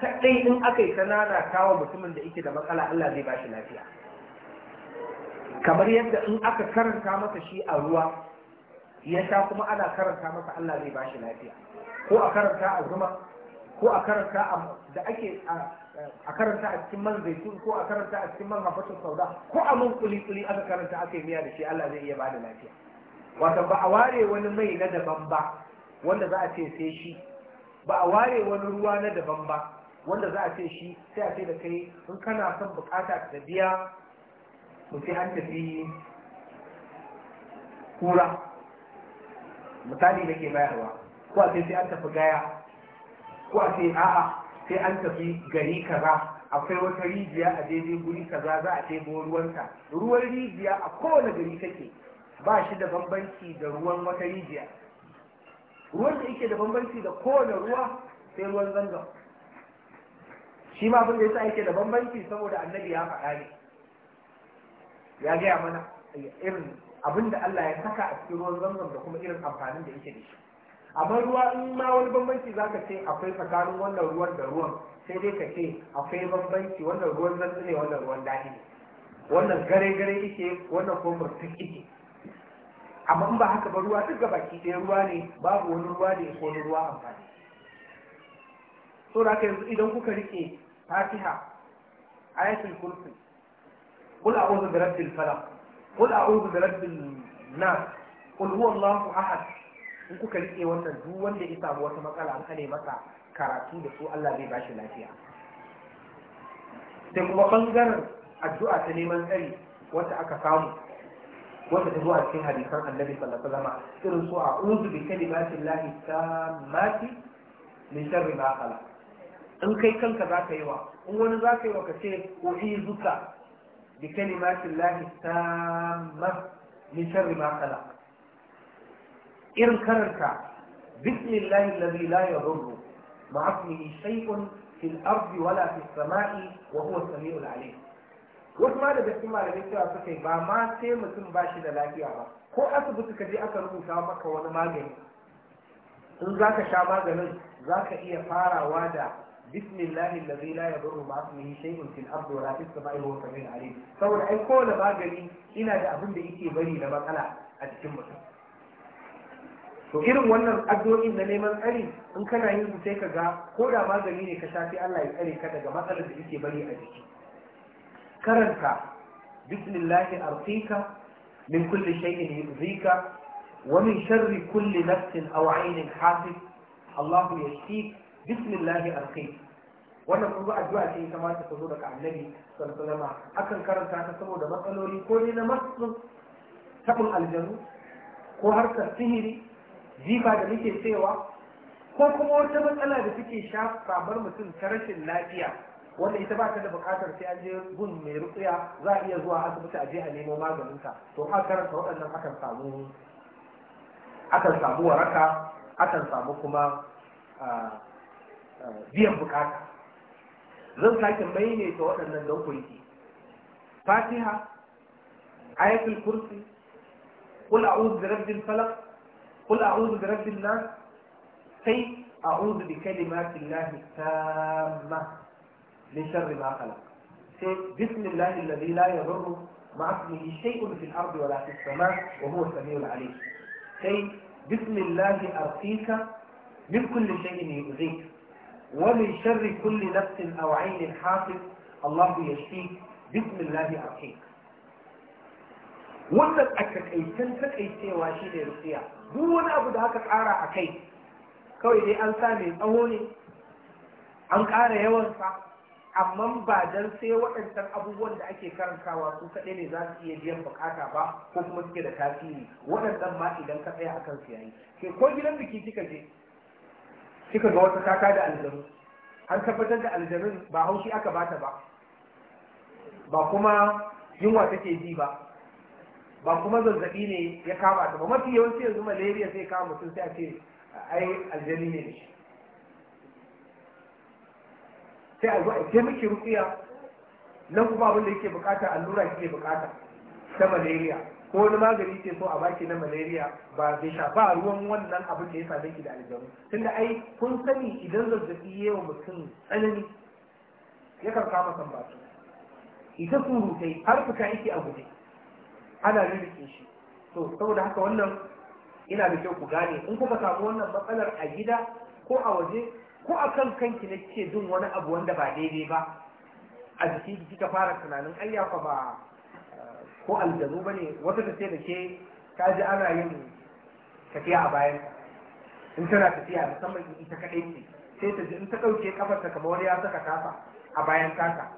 kaɗai in aka yi sanana kawo mutumin da yake da matsala Allah zai ba shi lafiya kamar yadda in aka karanta masa shi a ruwa ya sha kuma ana karanta masa Allah zai ba shi lafiya ko a karanta a zuma ko a karanta da ake a karanta a cikin man zaitun ko a karanta a cikin man hafatun sauda ko a man kuli kuli aka karanta aka yi miya da shi Allah zai iya ba da lafiya wato ba a ware wani mai na daban ba wanda za a ce sai shi ba a ware wani ruwa na daban ba wanda za a ce shi sai a ce da kai in kana son bukata da biya to sai an tafi kura misali da ke bayarwa ko a ce sai an tafi gaya ko a ce a'a sai an tafi gari kaza akwai wata rijiya a daidai guri kaza za a ɗebo ruwanta ruwan rijiya a kowane gari take ba shi da bambanci da ruwan wata rijiya ruwan da yake da bambanci da kowane ruwa sai ruwan zanzan shi ma abin da sa yake da bambanci saboda annabi ya faɗa ne ya gaya mana irin abin da Allah ya saka a cikin ruwan zamzam da kuma irin amfanin da yake da shi amma ruwa in ma wani bambanci zaka ce akwai tsakanin wannan ruwan da ruwan sai dai ka ce akwai bambanci wannan ruwan zanzu ne wannan ruwan daɗi ne wannan gare gare yake wannan kuma murtuk yake amma in ba haka ba ruwa duk baki ɗaya ruwa ne babu wani ruwa da ya wani ruwa amfani so da yanzu idan kuka rike fatiha ayatul kursi قل أعوذ برب الفلق قل أعوذ برب الناس قل هو الله أحد in kuka rike wannan duk wanda ya samu wata matsala an kane masa karatu da su Allah zai bashi lafiya sai kuma bangaren addu'a ta neman tsari wata aka samu wata ta zo a cikin hadisan annabi sallallahu alaihi wasallam irin su a uzu bi kalimatillahi tammati min sharri ma khalaq in kai kanka za ka yi wa in wani za ka yi wa ka ce zuka bi kalimatin lahi ma min sharri ma khalaq irin karanta bismillahi alladhi la yadurru ma'a shay'un fil ardi wala fis sama'i wa huwa as 'alim wasu ma da cikin malamai cewa suka yi ba ma sai mutum ba shi da lafiya ba ko asibiti ka je aka rubuta maka wani magani in za ka sha maganin za ka iya farawa da بسم الله الذي لا يضر مع اسمه شيء في الارض ولا في السماء وهو saboda ai kowane magani ina da abin da yake bari na matsala a cikin mutum to irin wannan addu'o'in na neman tsari in kana yin sai ka ga ko da magani ne ka shafi Allah ya tsare ka daga matsalar da yake bari a jiki karanta bismillahi arqika min kulli shay'in yuzika wa min sharri kulli nafsin aw 'ainin hasib Allahu yashfik bismillahi alkhair wannan kuma addu'a ce ita ta zo daga annabi sallallahu alaihi wasallam akan karanta ta saboda matsaloli ko ne na matsalolin tabul aljanu ko harkar sihiri jifa da muke cewa ko kuma wata matsala da take bar mutum ta rashin lafiya wanda ita ba ta da bukatar sai an je gun mai rutsuya, za a iya zuwa asibiti a je a nemo maganin ka. to a karanta waɗannan akan samu akan samu waraka akan samu kuma ah, biyan bukata zan sake maimaita waɗannan dokoki. fatiha ayatul kursi kul a'udhu bi rabbil falaq kul a'udhu bi rabbin nas sai a'udhu bi kalimati llahi tamma min sharri ma khalaq sai bismillahi alladhi la yadurru ma'a ismihi shay'un fil ardi wala fis samaa wa huwa sami samiul 'alim sai bismillahi arqika min kulli shay'in yu'zik ومن شر كل نفس أو عين حافظ الله يشفيك بسم الله أرحيك wannan a takaitan takaicewa shi ne rufiya duk wani abu da haka ƙara a kai kawai dai an sa mai tsawo ne an ƙara yawansa amma ba don sai waɗancan abubuwan da ake karantawa su kaɗai ne za su iya biyan bukata ba ko kuma suke da tasiri waɗannan ma idan ka tsaya akan su yayi ke ko gidan biki kika je kika ga wata kaka da aljanu an tabbatar da aljanun ba haushi aka bata ba ba kuma yunwa take ji ba ba kuma zazzabi ne ya kama ta ba mafi yawanci yanzu malaria zai kama mutum sai a ce ai aljani ne shi sai a zo a ke miki rukiya nan kuma abin da yake bukata allura yake bukata ta malaria ko wani magani ce so a baki na malaria ba zai shafa a ruwan wannan abu da ya same ki da aljanu tunda ai kun sani idan zazzabi ya wa mutum tsanani ya yakan kama kan su ita surutai har fuka yake a guje ana rirrike shi to saboda haka wannan ina da kyau ku gane in kuka samu wannan matsalar a gida ko a waje ko a kan kanki na ke jin wani abu wanda ba daidai ba a jiki kika fara tunanin ayyafa ba ko aljanu ba ne wata ta ce da ke ta ji ana yin tafiya a bayan in tana tafiya musamman in ita kaɗai ce sai ta ji in ta ɗauke kafarta kamar ya saka kafa a bayan kanta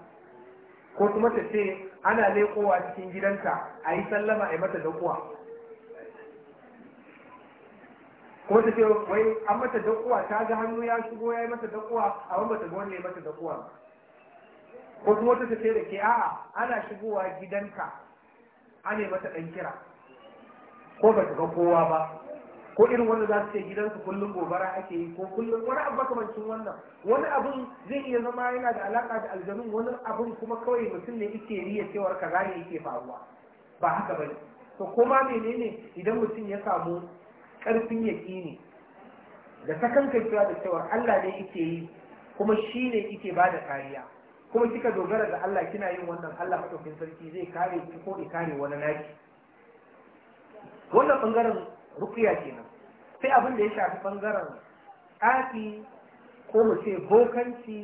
ko kuma ta ce ana leƙowa cikin gidanta a yi sallama a yi mata dakuwa ko ta ce wai an mata dakuwa ta ga hannu ya shigo ya yi mata dakuwa a wani bata ga wanda ya mata dakuwa ko kuma wata tafiye da ke a'a ana shigowa gidanka ne mata ɗan kira ko ba ta ga kowa ba ko irin wanda za su ce gidansu kullum gobara ake yi ko kullum wani abu makamancin wannan wani abun zai iya zama yana da alaka da aljanun wani abu kuma kawai mutum ne yake riya cewar kaza ne yake faruwa ba haka bane to kuma menene idan mutum ya samu karfin yakini da sakankan cewa da cewar Allah ne yake yi kuma shi ne yake bada kariya kuma kika dogara ga Allah kina yin wannan Allah madaukakin sarki zai kare ki ko ya kare wani naki wannan bangaren rukiya kenan sai abin da ya shafi bangaren tsafi ko mu ce bokanci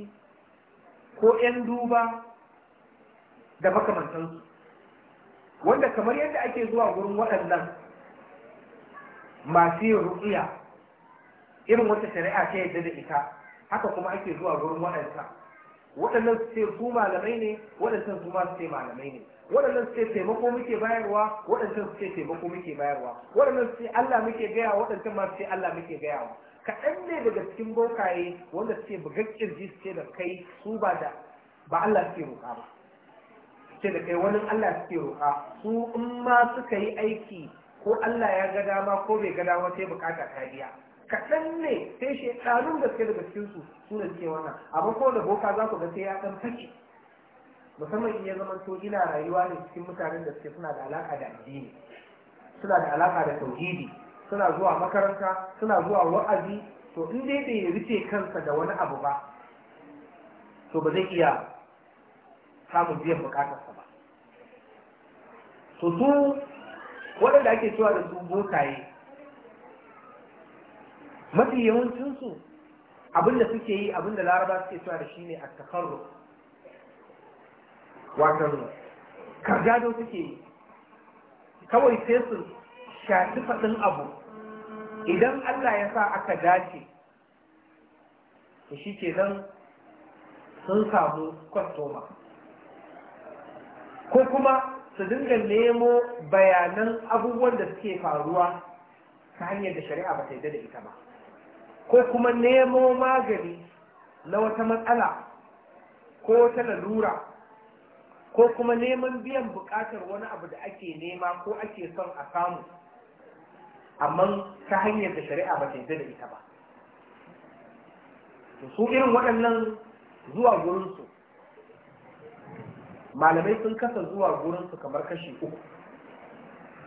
ko 'yan duba da makamantansu wanda kamar yadda ake zuwa gurin waɗannan masu yin rukiya irin wata shari'a ta yadda da ita haka kuma ake zuwa gurin waɗansa waɗannan su ce su malamai ne waɗancan su ma su ce malamai ne waɗannan su ce taimako muke bayarwa waɗancan su ce taimako muke bayarwa waɗannan su ce Allah muke gaya waɗancan ma su ce Allah muke gaya wa kaɗan ne daga cikin bokaye wanda su ce bugar kirji su ce da kai su ba da ba Allah suke roƙa ba ce da kai wani Allah suke roƙa su in ma suka yi aiki ko Allah ya ga dama ko bai ga dama sai bukata ta biya kaɗan ne sai shi ɗanun gaske daga cikinsu su suna suke wannan abin ko da boka za ku ga sai ya ɗan fashe musamman in ya zama to ina rayuwa ne cikin mutanen da suke suna da alaƙa da addini suna da alaƙa da tauhidi suna zuwa makaranta suna zuwa wa'azi to in dai bai rufe kansa da wani abu ba to ba zai iya samun biyan bukatarsa ba to su waɗanda ake cewa da su bokaye mafi yawancinsu abinda suke yi abinda laraba suke cewa da shi ne a takarru watan kargado suke yi kawai sai su shafi faɗin abu idan allah ya sa aka dace da shi ke nan sun samu kwastoma ko kuma su dinga nemo bayanan abubuwan da suke faruwa ta hanyar da shari'a ba ta yi da ita ba ko kuma nemo magani na wata matsala ko wata lalura ko kuma neman biyan bukatar wani abu da ake nema ko ake son a samu amma ta hanyar da shari'a ba ta da ita ba su irin waɗannan zuwa gurinsu malamai sun kasa zuwa gurinsu kamar kashi uku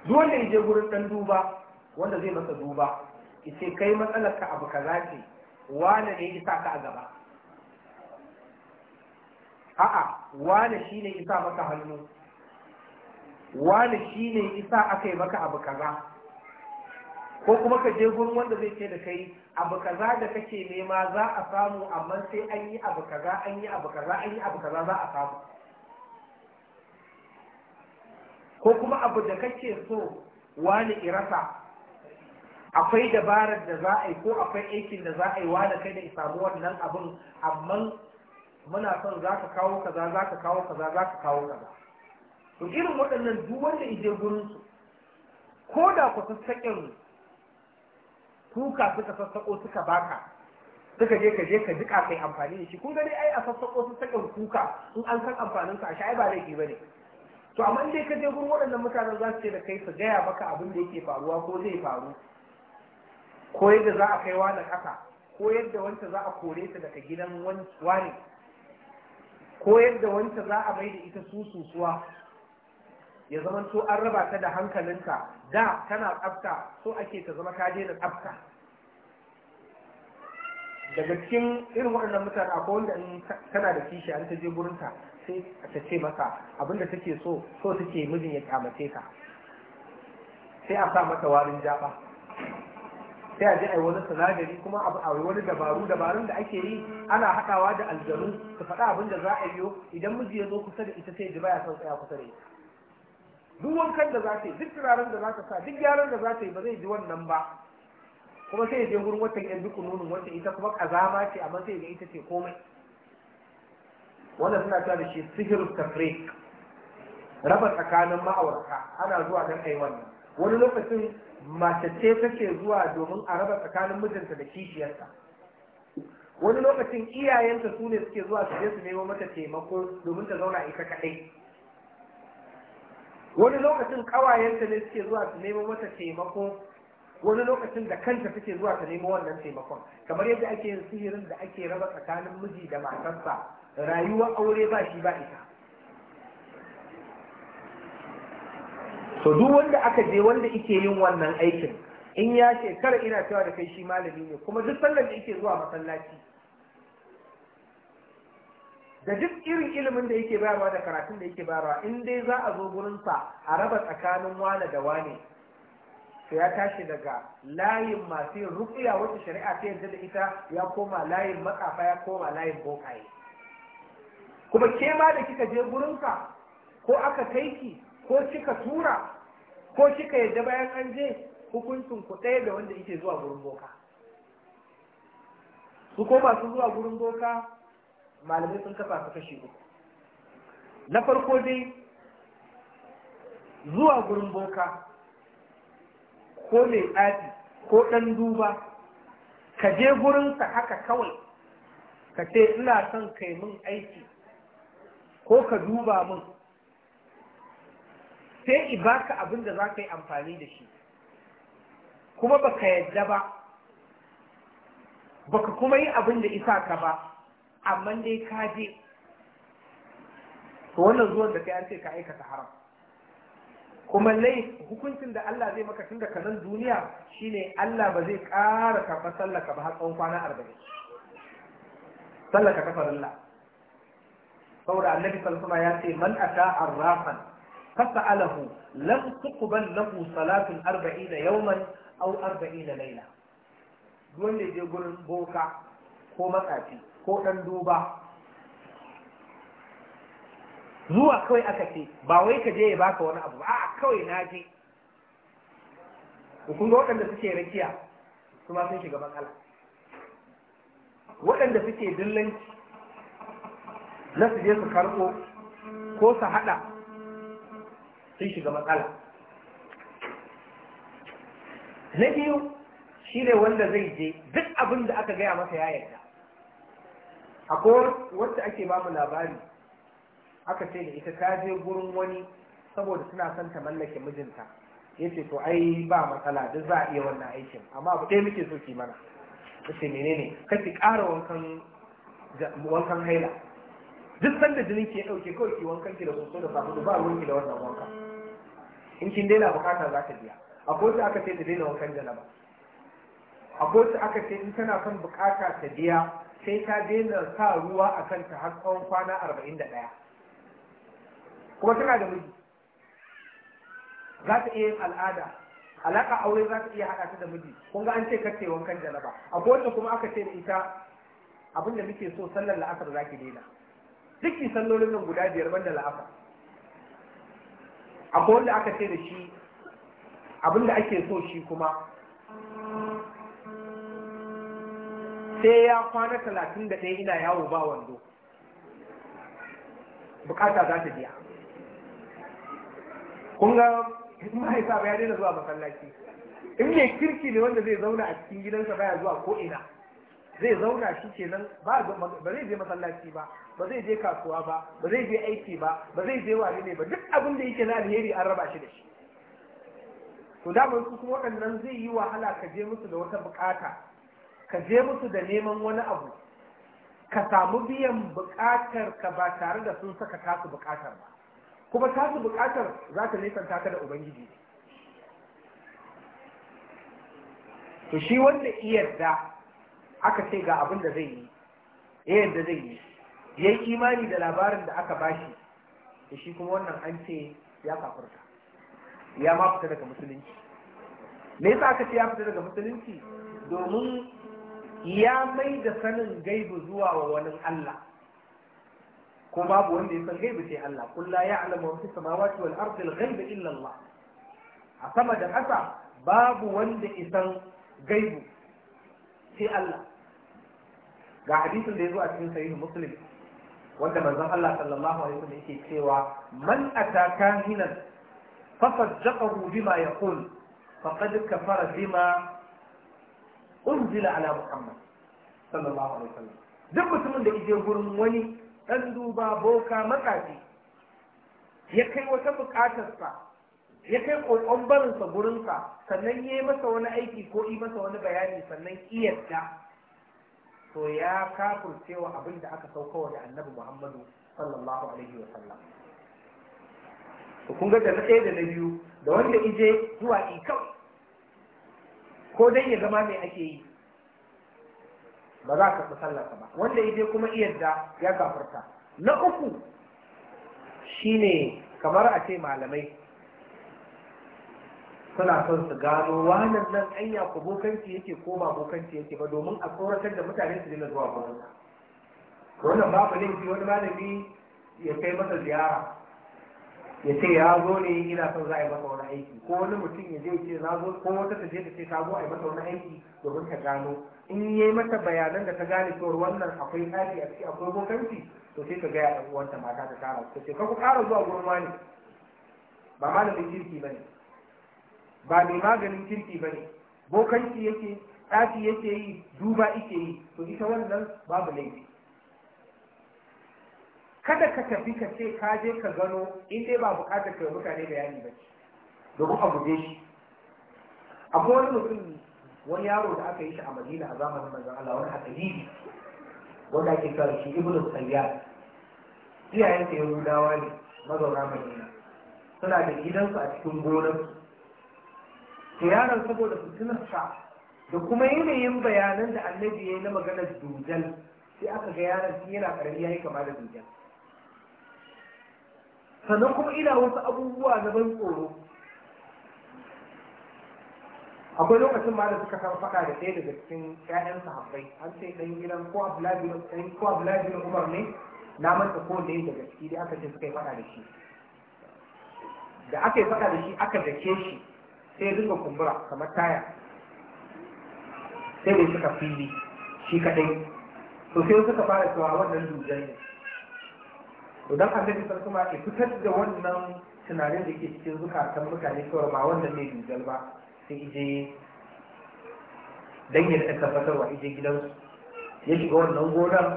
duk wanda ya je gurin ɗan duba wanda zai masa duba yace kai matsalar ka abu kaza ce wane ne isa ka a gaba a'a wane shine isa maka hannu wane shine isa aka yi maka abu kaza ko kuma ka je gurin wanda zai ce da kai abu kaza da kake nema za a samu amma sai an yi abu kaza an yi abu kaza an yi abu kaza za a samu ko kuma abu da kake so wani irasa akwai dabarar da za a yi ko akwai aikin da za a yi wa da kai da isamu wannan abin amma muna son za ka kawo kaza za ka kawo kaza za ka kawo kaza to irin waɗannan duk wanda ije su ko da ku sassaƙin kuka suka sassaƙo suka baka suka je ka je ka jika kai amfani da shi kun gani ai a sassaƙo sassaƙin kuka in an san amfanin ka a shi ai ba laifi bane to amma dai ka je gurin waɗannan mutanen za su ce da kai su gaya maka abin da yake faruwa ko zai faru ko yadda za a kai wani haka ko yadda wanta za a kore ta daga gidan wani ko yadda wanta za a bai da ita susuwa ya zama to an raba ta da hankalinka da tana tsafta so ake ta zama ka daina tsafta daga cikin irin waɗannan mutane akwai wanda in tana da kishi an ta je gurinta sai ta ce maka abinda take so so take mijin ya kyamace ka sai a sa mata warin jaba sai a je a yi wani sinadari kuma a yi wani dabaru dabarun da ake yi ana haɗawa da aljanu su faɗa abin da za a yi idan miji ya zo kusa da ita sai ji baya son tsaya kusa da ita duk wankan da za ta yi duk turaren da za ta sa duk gyaran da za ta yi ba zai ji wannan ba kuma sai ya je gurin watan yan duk nunin wata ita kuma kazama ce amma sai ga ita ce komai wannan suna cewa da shi sihir tafrik raba tsakanin ma'aurata ana zuwa don yi wannan wani lokacin mace ce take zuwa domin a raba tsakanin mijinta da kishiyarta wani lokacin iyayenta su ne suke zuwa su je su nemo mata taimako domin ta zauna ita kaɗai wani lokacin ƙawayenta ne suke zuwa su nemo mata taimako wani lokacin da kanta take zuwa ta nemo wannan taimakon kamar yadda ake yin sihirin da ake raba tsakanin miji da matarsa rayuwar aure ba shi ba ita to duk wanda aka je wanda yake yin wannan aikin in ya shekara ina cewa da kai shi malami ne kuma duk sallar da yake zuwa masallaci da duk irin ilimin da yake bayarwa da karatun da yake bayarwa in dai za a zo gurin gurinsa a raba tsakanin wane da wane to ya tashi daga layin masu yin rukiya wacce shari'a ta yarda da ita ya koma layin makafa ya koma layin bokaye kuma ke ma da kika je gurin ka? ko aka kai ki ko kika tura ko kika yadda bayan an je hukuncin ku ɗaya da wanda yake zuwa gurin boka su ko masu zuwa gurin boka malamai sun kafa su kashi uku na farko dai zuwa gurin boka ko mai tsafi ko ɗan duba ka je gurinsa haka kawai ka ce ina son kai mun aiki ko ka duba mun. sai i baka abin da za ka yi amfani da shi kuma baka yadda ba baka kuma yi abin da isa ka ba amma dai ka je to wannan zuwan da ka an ka aikata haram kuma lai hukuncin da Allah zai maka tun da kanan duniya shine Allah ba zai ƙara kafa sallaka ba har tsawon kwana arba'in sallaka ta farilla saboda annabi sallallahu ya ce man ata arrafan فسأله لم تقبل له صلاة أربعين يوما أو أربعين ليلة دون اللي يقول بوكا كو مكاتي كو أندوبا zuwa kawai aka ce ba wai ka je ya baka wani abu a kawai na je kun waɗanda suke rakiya su ma sun shiga matsala waɗanda suke dillanci na su su karɓo ko su haɗa sun shiga matsala na biyu shi ne wanda zai je duk abin da aka gaya masa ya yarda akwai wacce ake ba mu labari aka ce da ita ta je gurin wani saboda suna son ta mallake mijinta ya ce to ai ba matsala duk za a iya wannan aikin amma abu ɗaya muke so ki mana ta ce menene ki ƙara wankan haila duk sanda jinin ke ɗauke kawai ki wankan ki da soso da ba ki da wannan wankan in kin daina bukata za ka biya akwai wacce aka ce ta daina wankan janaba akwai wacce aka ce in tana son bukata ta biya sai ta daina sa ruwa a kan ta har tsawon kwana arba'in da ɗaya kuma tana da miji za ta iya yin al'ada alaka aure za ta iya haɗa ta da miji kun ga an ce kace wankan janaba akwai wacce kuma aka ce da ita abin da muke so sallar la'asar za ki daina duk sallolin nan guda biyar banda la'asar akwai wanda aka ce da shi abinda ake so shi kuma sai ya kwana talatin da ɗaya ina yawo ba wando bukata za ta biya kun ga ba ya daina zuwa masallaci in mai kirki ne wanda zai zauna a cikin gidansa baya zuwa ko'ina, ina zai zauna shi nan ba zai je masallaci ba ba zai je kasuwa ba ba zai je aiki ba ba zai je wani ne ba duk abin da yake na alheri an raba shi da shi to da su kuma waɗannan zai yi wahala ka je musu da wata bukata ka je musu da neman wani abu ka samu biyan bukatar ka ba tare da sun saka tasu bukatar ba kuma tasu bukatar za ta nisanta ka da ubangiji to shi wanda iyarda aka ce ga abin da zai yi yadda zai yi ya yi imani da labarin da aka bashi da shi kuma wannan an ce ya kafurta ya ma fita daga musulunci me yasa aka ce ya fita daga musulunci domin ya mai da sanin gaibu zuwa wa wani Allah ko babu wanda ya san gaibu sai Allah kullu ya alamu wa fis samawati wal ardi al ghaiba illa Allah a sama da ƙasa babu wanda isan gaibu sai Allah ga hadisin da ya zo a cikin sahihu muslim wanda manzon Allah sallallahu alaihi wasallam yake cewa man ataka hinan fasaddaqahu bima yaqul faqad kafara bima unzila ala muhammad sallallahu alaihi wasallam duk mutumin da ije gurin wani dan duba boka makafi ya kai wata sa ya kai kokon barinsa sa sannan ya yi masa wani aiki ko yi masa wani bayani sannan iyadda to ya kafurce abinda abin da aka saukowa da annabi muhammadu sallallahu alaihi wa sallam to kun ga da na ɗaya da na biyu da wanda ije zuwa ikau ko dan ya zama mai ake yi ba za ka sallarsa ba wanda ije kuma iyadda ya kafirta na uku shine kamar a ce malamai suna son su gano wannan nan anya ko bokanci yake ko ba bokanci yake ba domin a tsoratar da mutane su dina zuwa gurin wannan babu laifi wani malami ya kai masa ziyara ya ce ya zo ne ina son za a yi masa wani aiki ko wani mutum ya je ce za zo ko wata ta je ta ce ta zo a yi masa wani aiki domin ta gano in yi mata bayanan da ta gane cewar wannan akwai tsari a ciki akwai bokanci to sai ka gaya ɗan uwanta mata ta tara ta ce ka ku ƙara zuwa gurin wani ba malamin kirki ba ne ba mai maganin kirki ba ne bokanci yake yake yi duba ike yi to ita wannan babu laifi kada ka tafi ka ce ka je ka gano in dai ba bukatar ka mutane bayani ba ce domin a guje shi akwai wani mutum wani yaro da aka yi shi a madina a zamanin manzon Allah wani hadisi wanda ake kira shi ibnu sayyad iyayen sa yahudawa ne mazauna madina suna da gidansu a cikin gonarsu to yaron saboda fitinarsa da kuma yanayin bayanan da annabi ya yi na maganar dujal sai aka ga yaran shi yana karami yayi kama da dujal sannan kuma ina wasu abubuwa na ban tsoro akwai lokacin ma da suka kan faɗa da ɗaya daga cikin ƴaƴan sahabbai an ce ɗan gidan ko abulabi ɗan ko na umar ne na manta ko ne daga ciki dai aka ce suka yi faɗa da shi da aka yi faɗa da shi aka dake shi sai rufe kumbura kamar taya sai bai suka fili shi kadai to sai suka fara cewa wannan lujan ne to dan annabi sun kuma ya fitar da wannan tunanin da ke cikin zukatan mutane cewa ba wannan ne lujan ba sai ije dan ya tabbatarwa ije gidansu ya shiga wannan gonar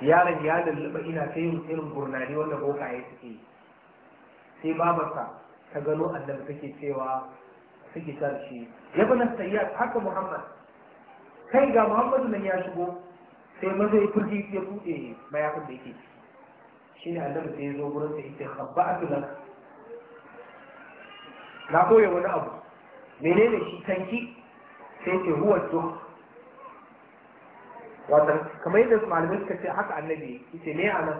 yaron ya lulluɓa ina ta yin irin gurnani wanda ya suke sai babarsa ta gano annabi take cewa suke sa shi ya bana sayya haka muhammad kai ga muhammad nan ya shigo sai maza ya furgi ya bude mayafin da yake shi ne annabi sai ya zo gurin sa yake habba a tunan na koya wani abu menene shi tanki sai ce huwa to wato kamar yadda malamai suka ce haka annabi yace ne a nan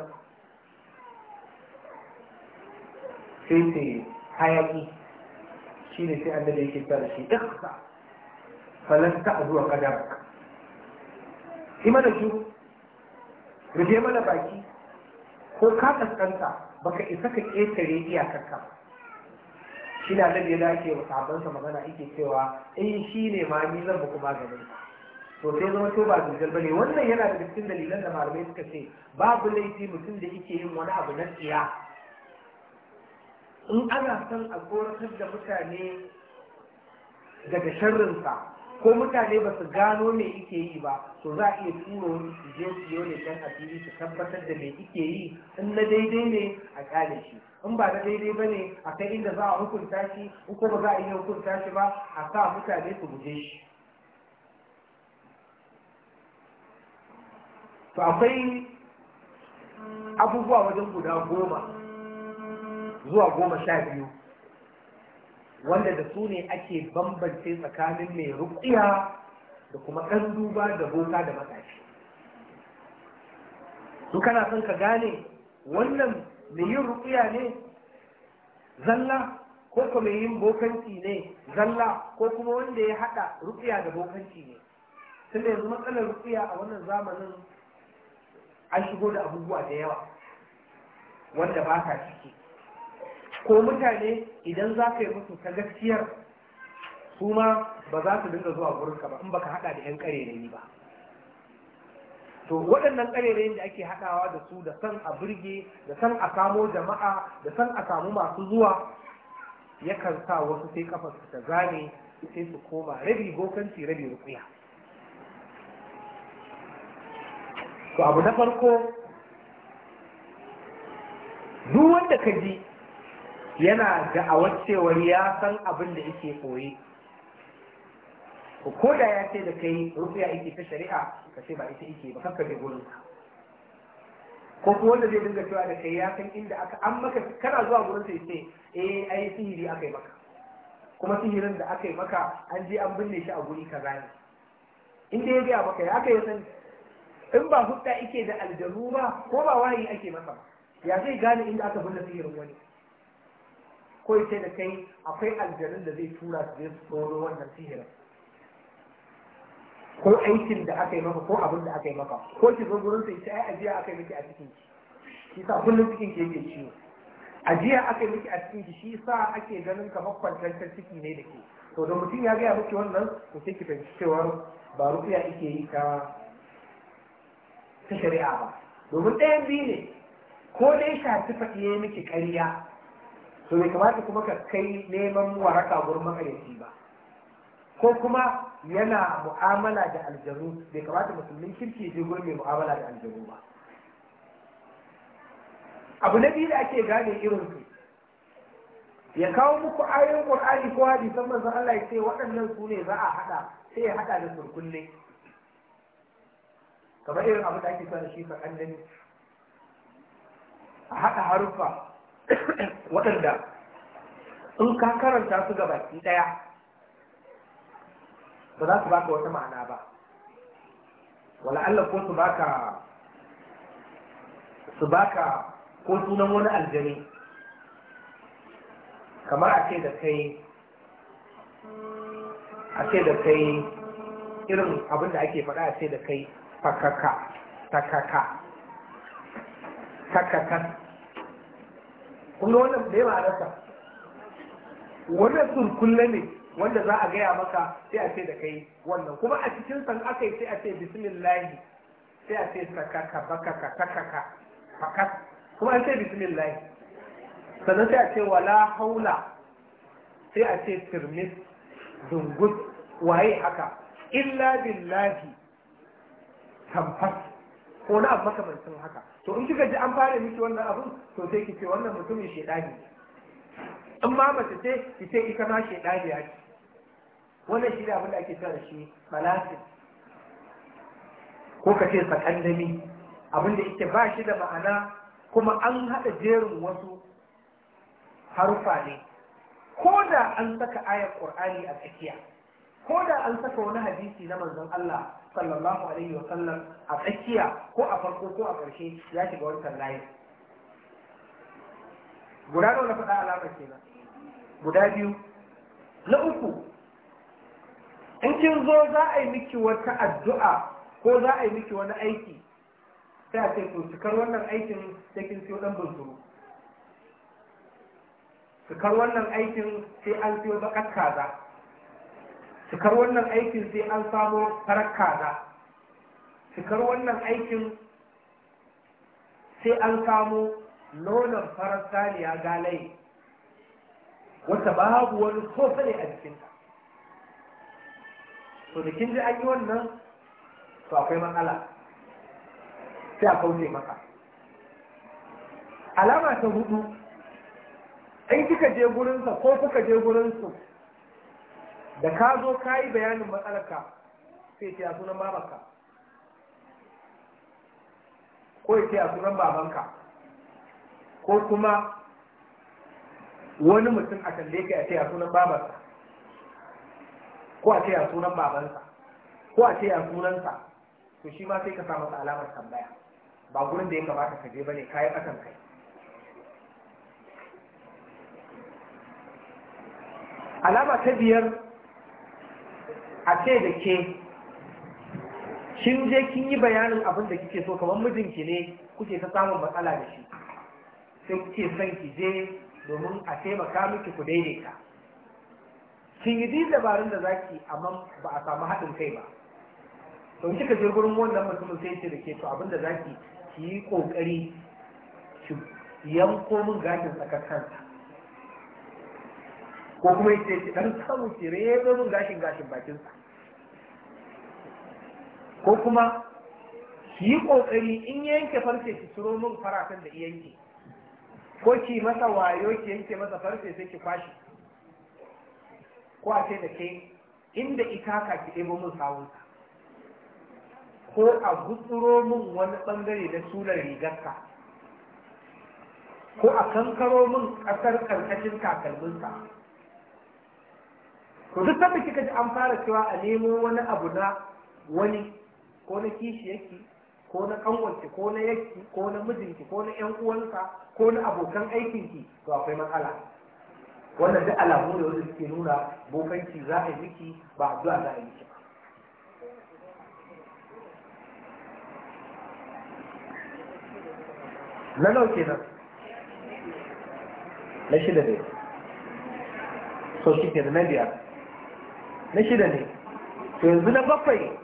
sai ce hayaki shi ne sai annabi yake tsara shi ikhsa falan zuwa qadarak Yi mana shuru rufe mana baki ko ka kaskanta baka isa ka ƙetare iyakarka ba shi da annabi ya dace wa sahabbansa magana yake cewa in eh, shi ne ma ni zan muku maganin to sai zama to ba ba ne. wannan yana da cikin dalilan da malamai suka ce babu laifi mutum da yake yin wani abu na tsiya in ana son a tsoratar da mutane daga sharrinsa ko mutane ba su gano me ike yi ba to za a iya turo wani su je su yi a su tabbatar da me ike yi in na daidai ne a kyale shi in ba na daidai ba ne a kai inda za a hukunta shi in ko ba za a iya hukunta shi ba a sa mutane su guje shi to akwai abubuwa wajen guda goma zuwa goma sha biyu wanda da su ne ake bambance tsakanin mai rukiya da kuma ɗan duba da boka da matashi, su kana son ka gane wannan mai yin rukiya ne zalla ko kuma yin bokanci ne zalla ko kuma wanda ya haɗa rukiya da bokanci ne da yanzu matsalar rukiya a wannan zamanin an shigo da abubuwa da yawa wanda ba ka ciki ko mutane idan za ka yi musu ta gaskiyar su ma ba za su dinga zuwa gurinka ba in baka hada da 'yan karerayi ba to waɗannan karerayin da ake hadawa da su da san a birge da san a samo jama'a da san a samu masu zuwa yakan sa wasu sai kafar su ta zane sai su koma rabi gokanci rabi rukuya to abu na farko duk wanda ka ji yana da'awar wacewar ya san abin da yake koyi ko da ya ce da kai rufiya yake ta shari'a ka ce ba ita yake ba kanka da gurin ko kuma wanda zai dinga cewa da kai ya san inda aka an maka kana zuwa gurin sai ce eh ai sihiri aka yi maka kuma sihirin da aka yi maka an je an binne shi a guri ka gane. in dai ya gaya maka ya aka yi san in ba hudda ake da aljanu ba ko ba wahayi ake masa ya zai gane inda aka binne sihirin wani ko ya da kai akwai aljanun da zai tura su zai tsoro wannan sihirin ko aikin da aka yi maka ko abin da aka yi maka ko ki zo gurin sai sai ajiya aka yi miki a cikin ki sa kullum cikin ki yake ciwo ajiya aka yi miki a cikin ki shi sa ake ganin kamar kwantantar ciki ne da ke to da mutum ya gaya miki wannan to sai ki fahimci cewa ba rufiya ake yi ka ta shari'a ba domin ɗayan biyu ne ko dai shafi faɗi ya yi miki ƙarya to bai kamata kuma ka kai neman waraka gurin makaryaci ba ko kuma yana mu'amala da aljanu bai kamata musulmin kirki je gurin mai mu'amala da aljanu ba abu na biyu da ake gane irin su ya kawo muku ayoyin qur'ani ko hadisan manzon Allah ya ce waɗannan su ne za a haɗa sai ya haɗa da surkulle kamar irin abu da ake sa da shi fa annabi a haɗa haruffa waɗanda in ka karanta su ga baki ɗaya ba za su baka wata ma'ana ba wala'alla ko su baka su baka ko sunan wani aljani kamar a ce da kai a ce da kai irin abin da ake faɗa a ce da kai takaka takaka takaka kuma wannan da yawa rasa wannan kulle ne wanda za a gaya maka sai a ce da kai wannan kuma a cikin san aka yi sai a ce bismillahi sai a ce sakaka bakaka takaka fakas kuma an ce bismillahi sannan sai a ce wala haula sai a ce firmis dungus waye haka illa billahi tamfas ko na abu makamancin haka to in kika ji an fara miki wannan abun to sai ki wannan mutumin shedani in ma mace ce ki ce ita ma shedani ya ce wannan shi ne abin da ake cewa shi ko ka ce sakandami abin da yake ba shi da ma'ana kuma an haɗa jerin wasu harufa ne ko da an saka ayar ƙur'ani a tsakiya ko da an saka wani hadisi na manzon Allah sallallahu alaihi wa sallam a tsakiya ko a farko ko a ƙarshe ya shiga wancan layin guda nawa na faɗa alamar ke guda biyu na uku in kin zo za a yi miki wata addu'a ko za a yi miki wani aiki sai a ce to cikar wannan aikin sai kin siyo ɗan bunturu. cikar wannan aikin sai an siyo bakar kaza cikar wannan aikin sai an samo farar kaza cikar wannan aikin sai an samo nonon farar saniya galai wata babu wani sosa ne a jikinta to da kin ji an yi wannan to akwai matsala sai a kauce maka alama ta hudu in kika je gurinsa ko kuka je gurinsu da ka zo ka yi bayanin matsalarka sai ce a sunan babanka ko ya ce a sunan babanka ko kuma wani mutum a kalle ka ya ce a sunan babansa ko a ce a sunan babansa ko a ce a sunansa to shi ma sai ka sa masa alamar tambaya ba gurin da ya kamata ka je bane yi akan kai alama ta biyar a ce da ke kin je kin yi bayanin abin da kike so kamar mijinki ne kuke ta samun matsala da shi sai kuke son ki je domin a taimaka miki ku daidaita kin yi duk dabarun da zaki amma ba a samu haɗin kai ba to kika je gurin wannan mutumin sai ce da ke to abin da zaki ki yi kokari ki yanko min gashin tsakar kansa ko kuma yace ki dan samu ki rebe min gashin gashin bakinsa ko kuma ki yi ƙoƙari in yanke farce ki ciro min faratan da yanke ko ki masa wayo ki yanke masa farce sai ki kwashi ko a ce da ke inda ita ka ki ɗebo min sawunsa ko a gutsuro min wani ɓangare da sular rigarsa ko a kankaro min ƙasar ƙarƙashin takalminsa ku duk sabbin kika ji an fara cewa a nemo wani abu na wani ko na yake ko na kanwanki ko na yake ko na mijinki ko na yan uwanka ko na abokan aikinki to akwai matsala wannan duk alamu ne wanda suke nuna bokanci za a yi miki ba addu'a za a yi miki ba na nawa kenan na shida ne so shi kenan na biyar na shida ne to yanzu na bakwai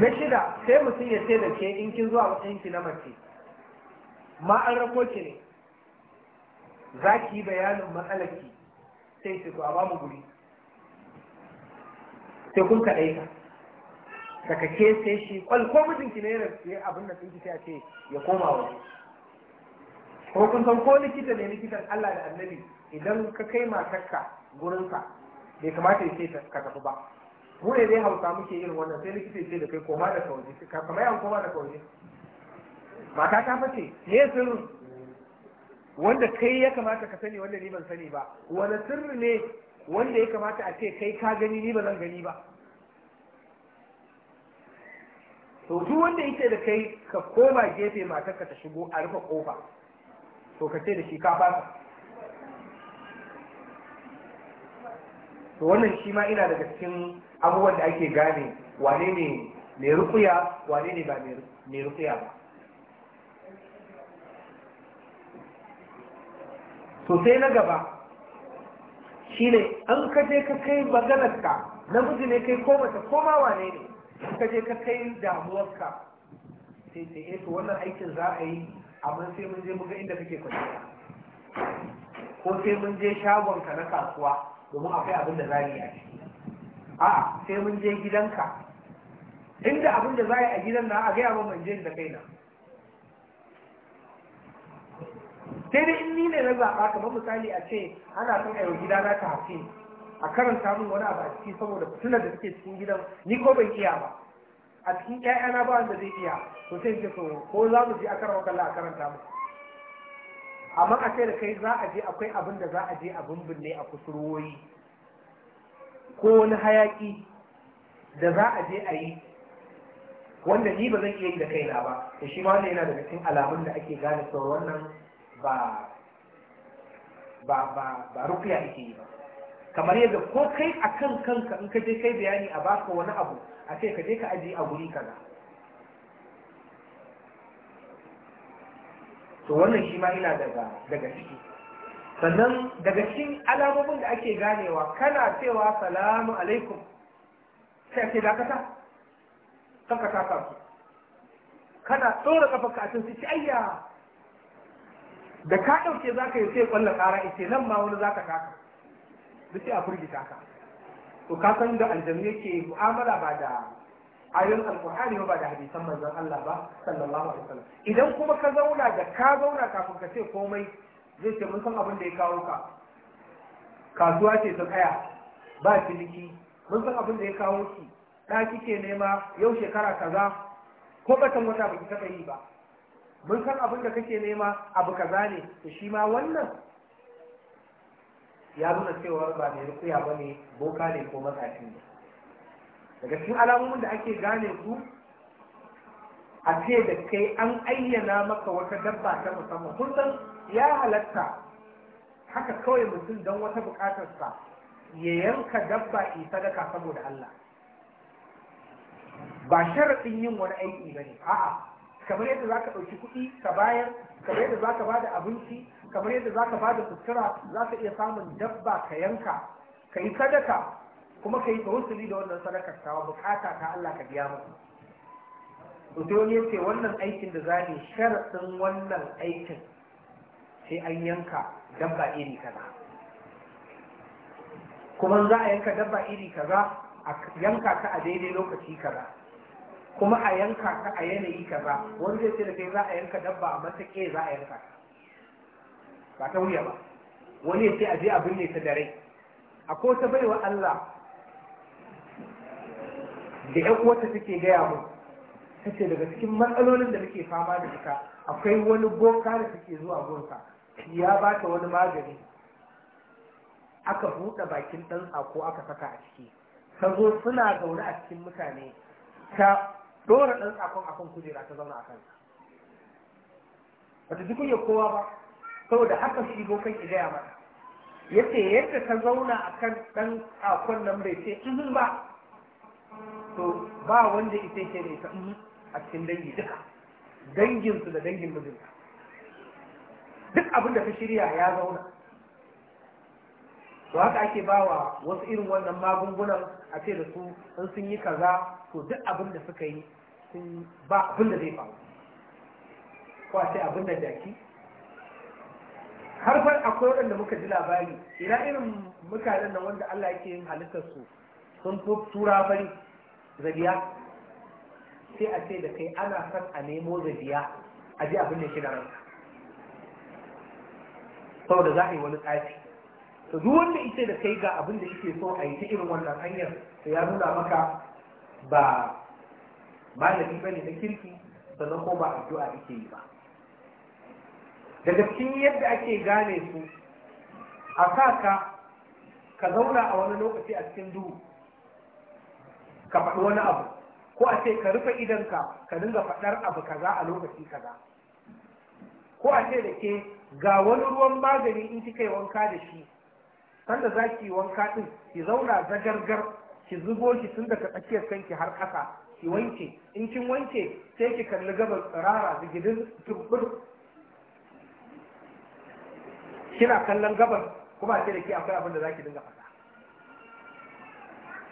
na shida sai mutum ya ce da ke in kin zuwa matsayin ki na mace ma an rako ki ne za ki yi bayanin matsalar ki sai ki ku a ba mu guri sai kun kaɗai ka daga ke sai shi kwalko mijinki ne ya abin da sun kisa ce ya koma wani ko kun san ko likita ne likitan Allah da annabi idan ka kai matarka gurinsa bai kamata ya ce ka tafi ba mu ne dai hausa muke yin wannan sai likita ce da kai koma da kauje ka kamar yan koma da kauje mata ta fice ne sirri. wanda kai ya kamata ka sani wanda ni ban sani ba wani sirri ne wanda ya kamata a ce kai ka gani ni ba zan gani ba to duk wanda yake da kai ka koma gefe matarka ta shigo a rufe kofa to ka ce da shi ka fasa to wannan shi ma ina daga cikin abubuwan da ake gane wane ne mai rukuya wane ne ba mai rukuya ba sosai na gaba shi ne, an kaje ka kai maganarka na mutu ne kai ko mace ko ma wane ne ka je ka kai damuwarka sai sai eh to wannan aikin za a yi amma sai mun je muga inda kake kwanci ko sai mun je shagon ka na kasuwa domin akwai abin da za a yi a ciki a'a sai mun je gidanka inda abin da za a yi a gidan na a gaya ba mun je da kaina sai dai in ni ne na zaɓa kamar misali a ce ana son a yau gida na ta hafi a karanta min wani abu a ciki saboda fitilar da suke cikin gidan ni ko ban iya ba a cikin ƴaƴana ba wanda zai iya to sai ce to ko za mu je a karanta kalla a karanta mu amma a ce da kai za a je akwai abin da za a je a bumbulle a kusurwoyi ko wani hayaki da za a je a yi wanda ni ba zan iya yi da kaina ba da shi ma wanda yana daga cikin alamun da ake gane cewa wannan ba ba ba ba rukiya ake yi ba kamar yadda ko kai a kan kanka in ka je kai bayani a baka wani abu a ce ka je ka ajiye a guri kaza to wannan shi ma ina daga daga ciki sannan daga cikin alamomin da ake ganewa kana cewa salamu alaikum sai ake dakata kanka ta samu kana tsora kafa kacin su ci ayya da ka ɗauke za ka yi sai ƙwallon ƙara ita nan ma wani za ka kaka duk sai a furgita ka to ka san da aljanu yake mu'amala ba da ayoyin alkur'ani ba da hadisan manzon Allah ba sallallahu alaihi wasallam idan kuma ka zauna da ka zauna kafin ka ce komai zai ce mun san abin da ya kawo ka kasuwa ce ta tsaya ba ciniki mun san abin da ya kawo ki ɗa kike nema yau shekara kaza ko batan wata baki taɓa yi ba mun san abin da kake nema abu kaza ne to shi ma wannan ya nuna cewa ba mai rukuya ba ne boka ne ko matsafi ne daga cikin alamomin da ake gane su a ce da kai an ayyana maka wata dabba ta musamman kun san ya halatta haka kawai mutum don wata bukatarsa ya yanka dabba in sadaka saboda Allah ba sharaɗin yin wani aiki ba ne a'a kamar yadda za ka ɗauki kuɗi ka bayar kamar yadda za ka ba da abinci kamar yadda za ka ba da sutura za ka iya samun dabba ka yanka ka yi sadaka kuma ka yi tawassuli da wannan sadakar tawa bukata ta Allah ka biya masa to wani wannan aikin da zani sharaɗin wannan aikin sai an yanka dabba iri kaza kuma za a yanka dabba iri kaza a yanka ta a daidai lokaci kaza kuma a yanka ta a yanayi kaza wani zai ce da kai za a yanka dabba a matake za a yanka ta. ba ta wuya ba wani ya ce a je a binne ta da rai a ko ta baiwa Allah da ƴan uwarta take gaya mu ta ce daga cikin matsalolin da muke fama da ita akwai wani boka da take zuwa gonsa ya ba ta wani magani aka buɗe bakin ɗan sako aka saka a ciki ka zo suna zaune a cikin mutane ka ɗora ɗan sakon kan kujera ta zauna a kansa wata duk ya kowa ba saboda haka shi bokan ki gaya mata ce yadda ka zauna a kan ɗan sakon nan bai ce in mhm ba to ba wanda ita ke ne ta a cikin dangi duka danginsu da dangin mijinta duk abin da ta shirya ya zauna to haka ake bawa wasu irin wannan magungunan a ce da su in sun yi kaza to duk abin da suka yi sun ba abin da zai faru ko a ce abin da jaki har fa akwai waɗanda muka ji labari ina irin mutanen nan wanda Allah yake yin halittar su sun fi tura bari zabiya sai a ce da kai ana son a nemo zabiya a ji abin da shi da ranka saboda za a yi wani tsafi to duk wanda ita da kai ga abin da yake so a yi ta irin wannan hanyar da ya nuna maka ba malami ba ne na kirki sannan ko ba addu'a ake yi ba daga cikin yadda ake gane su a sa ka ka zauna a wani lokaci a cikin duhu ka faɗi wani abu ko a ce ka rufe idanka ka dinga faɗar abu kaza a lokaci kaza ko a ce da ke ga wani ruwan magani in kika yi wanka da shi sanda za ki yi wanka din ki zauna zagargar ki zubo shi tun daga tsakiyar kanki har ƙasa ki wanke in kin wanke sai ki kalli gabar tsirara da gidin tubbur kina kallon gabar, kuma sai da ke akwai abin da za ki dinga faɗa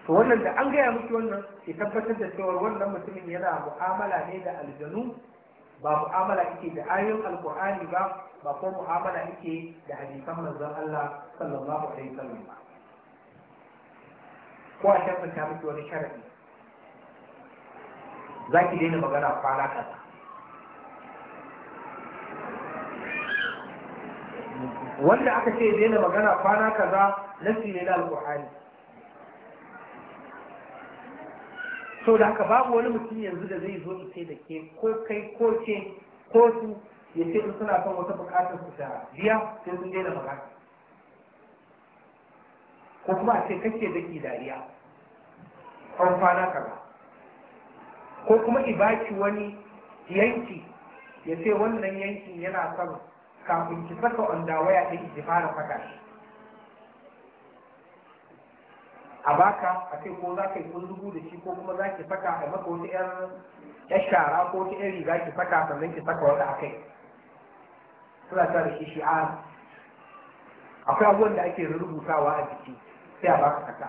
to wannan da an gaya miki wannan ki tabbatar da cewa wannan mutumin yana mu'amala ne da aljanu ba mu'amala yake da ayoyin alkur'ani ba ba ko mu'amala yake da hadisan manzon Allah sallallahu alaihi wasallam ba ko a ta miki wani sharadi zaki daina magana kwana kaza wanda aka ce daina magana kwana kaza nasi ne na alkur'ani sau da haka babu wani mutum yanzu da zai zo in ce da ke ko kai ko ce ko su ya ce su suna son wata bukatar su ta biya sai sun daina magana ko kuma a ce kake da ke dariya an kwana ba. ko kuma ibaki wani yanki ya ce wannan yankin yana son kafin ki saka wanda waya ɗin ki fara saka a baka a kai ko za ka yi kunzugu da shi ko kuma za ki saka a maka wata yar shara ko wata yar riga ki saka sannan ki saka wata a kai suna ta da shi shi'a akwai abubuwan da ake rubutawa a jiki sai a baka saka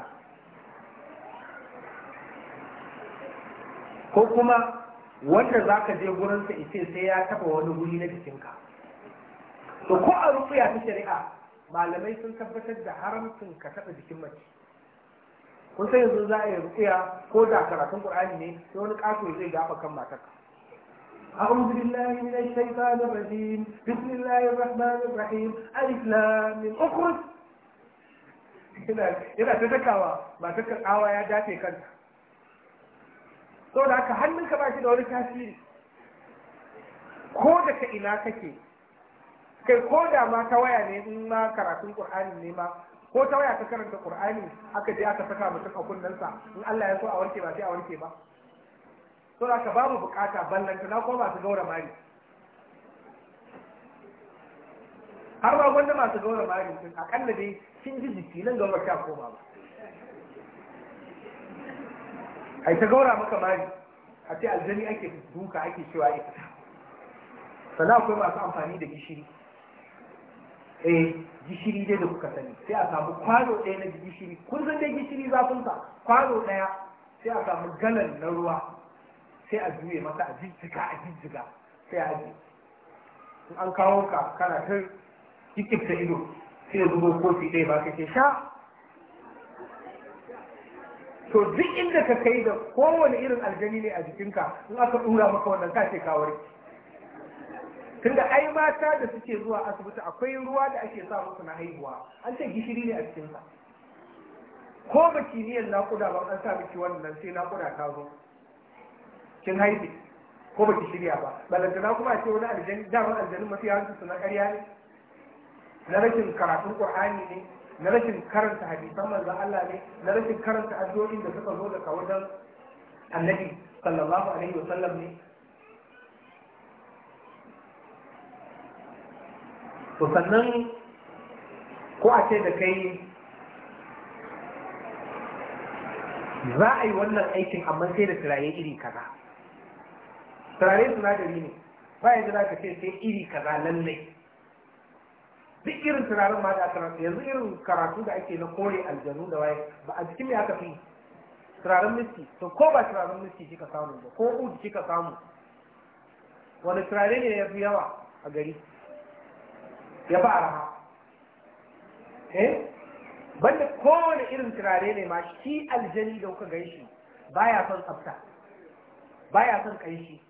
ko kuma wanda za ka je gurinsa ita sai ya taba wani guri na jikinka to ko a rufiya ta shari'a malamai sun tabbatar da haramcin ka taɓa jikin mace kun sai yanzu za a yi rukuya ko da karatun qur'ani ne sai wani kato zai gafa kan matarka أعوذ بالله من الشيطان الرجيم بسم الله الرحمن الرحيم ألف لام أخرج yana ta takawa ba ta ya dace kanta saboda haka hannunka ba shi da wani tasiri ko da ka ina kake kai ko da ma ta waya ne in ma karatun qur'ani ne ma ko ta waya ta karanta qur'ani aka je aka saka mutum a sa in Allah ya so a wanke ba sai a wanke ba to ka babu bukata ballanta na ko ba su gaura mari har ba gwanda masu gaura mari sun akalla dai kin ji jiki nan gaura ta koma ba ai ta gaura maka mari a ce aljani ake duka ake cewa ita sana akwai masu amfani da gishiri eh gishiri dai da kuka sani sai a samu kwano ɗaya na gishiri kun san dai gishiri zafin sa kwano ɗaya sai a samu galan na ruwa sai a juye masa a jijjiga a jijjiga sai a aje in an kawo ka kana ta kikikta ido sai ya zubo kofi ɗaya ba ka ke sha to duk inda ka kai da kowane irin aljani ne a jikinka in aka ɗura maka wannan ka ce ka warke tunda ai mata da suke zuwa asibiti akwai ruwa da ake sa musu na haihuwa an ce gishiri ne a cikinsa ko ba kimiyyar naƙuda ba an sa miki wannan sai naƙuda ta zo kin haife ko ba shirya ba balantana kuma ce wani aljan damar aljanin mafi yawanci su na ƙarya ne na rashin karatun ƙur'ani ne na rashin karanta hadisan manzon Allah ne na rashin karanta addu'o'in da suka zo daga wajen annabi sallallahu alaihi wasallam ne to sannan ko a ce da kai za a yi wannan aikin amma sai da turare iri kaza turare sinadari ne ba yadda za ka ce sai iri kaza lallai duk irin turaren ma da aka rasu yanzu irin karatu da ake na kore aljanu da waye ba a cikin ya aka fi turaren miski to ko ba turaren miski shi ka samu ba ko uji ka samu wani turare ne ya fi yawa a gari ya ba arha eh banda kowane irin turare ne ma shi aljani da kuka gan shi ya son tsafta ya son kanshi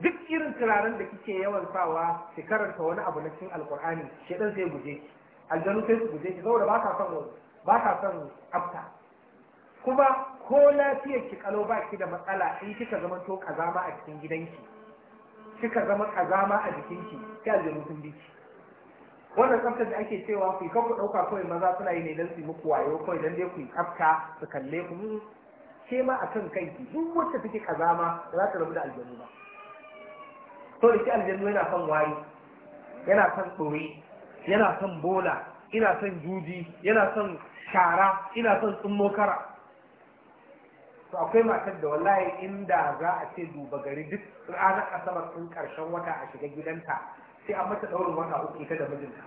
duk irin turaren da kike yawan sawa ki karanta wani abu na cikin alkur'ani ɗan sai guje ki aljanu sai su guje ki saboda ba ka son ba ka son tsafta kuma ko lafiyar ki kalo ba ki da matsala in kika zama to kazama a cikin gidanki kika zama kazama a jikinki ki, aljanu sun bi wannan tsaftar da ake cewa ku kan ku ɗauka kawai maza suna yi ne don su muku wayo kawai don dai ku yi tsafta su kalle ku hmm. ke ma akan kan kanki duk wacce take kazama ba za ta rabu da aljanu ba to da shi aljanu yana son wari yana son tsori, yana son bola ina son juji yana son shara ina son tsummo kara. to akwai matar da wallahi inda za a ce duba gari duk ranar asabar ɗin ƙarshen wata a shiga gidanta sai an mata ɗaurin wata uku ita da mijinta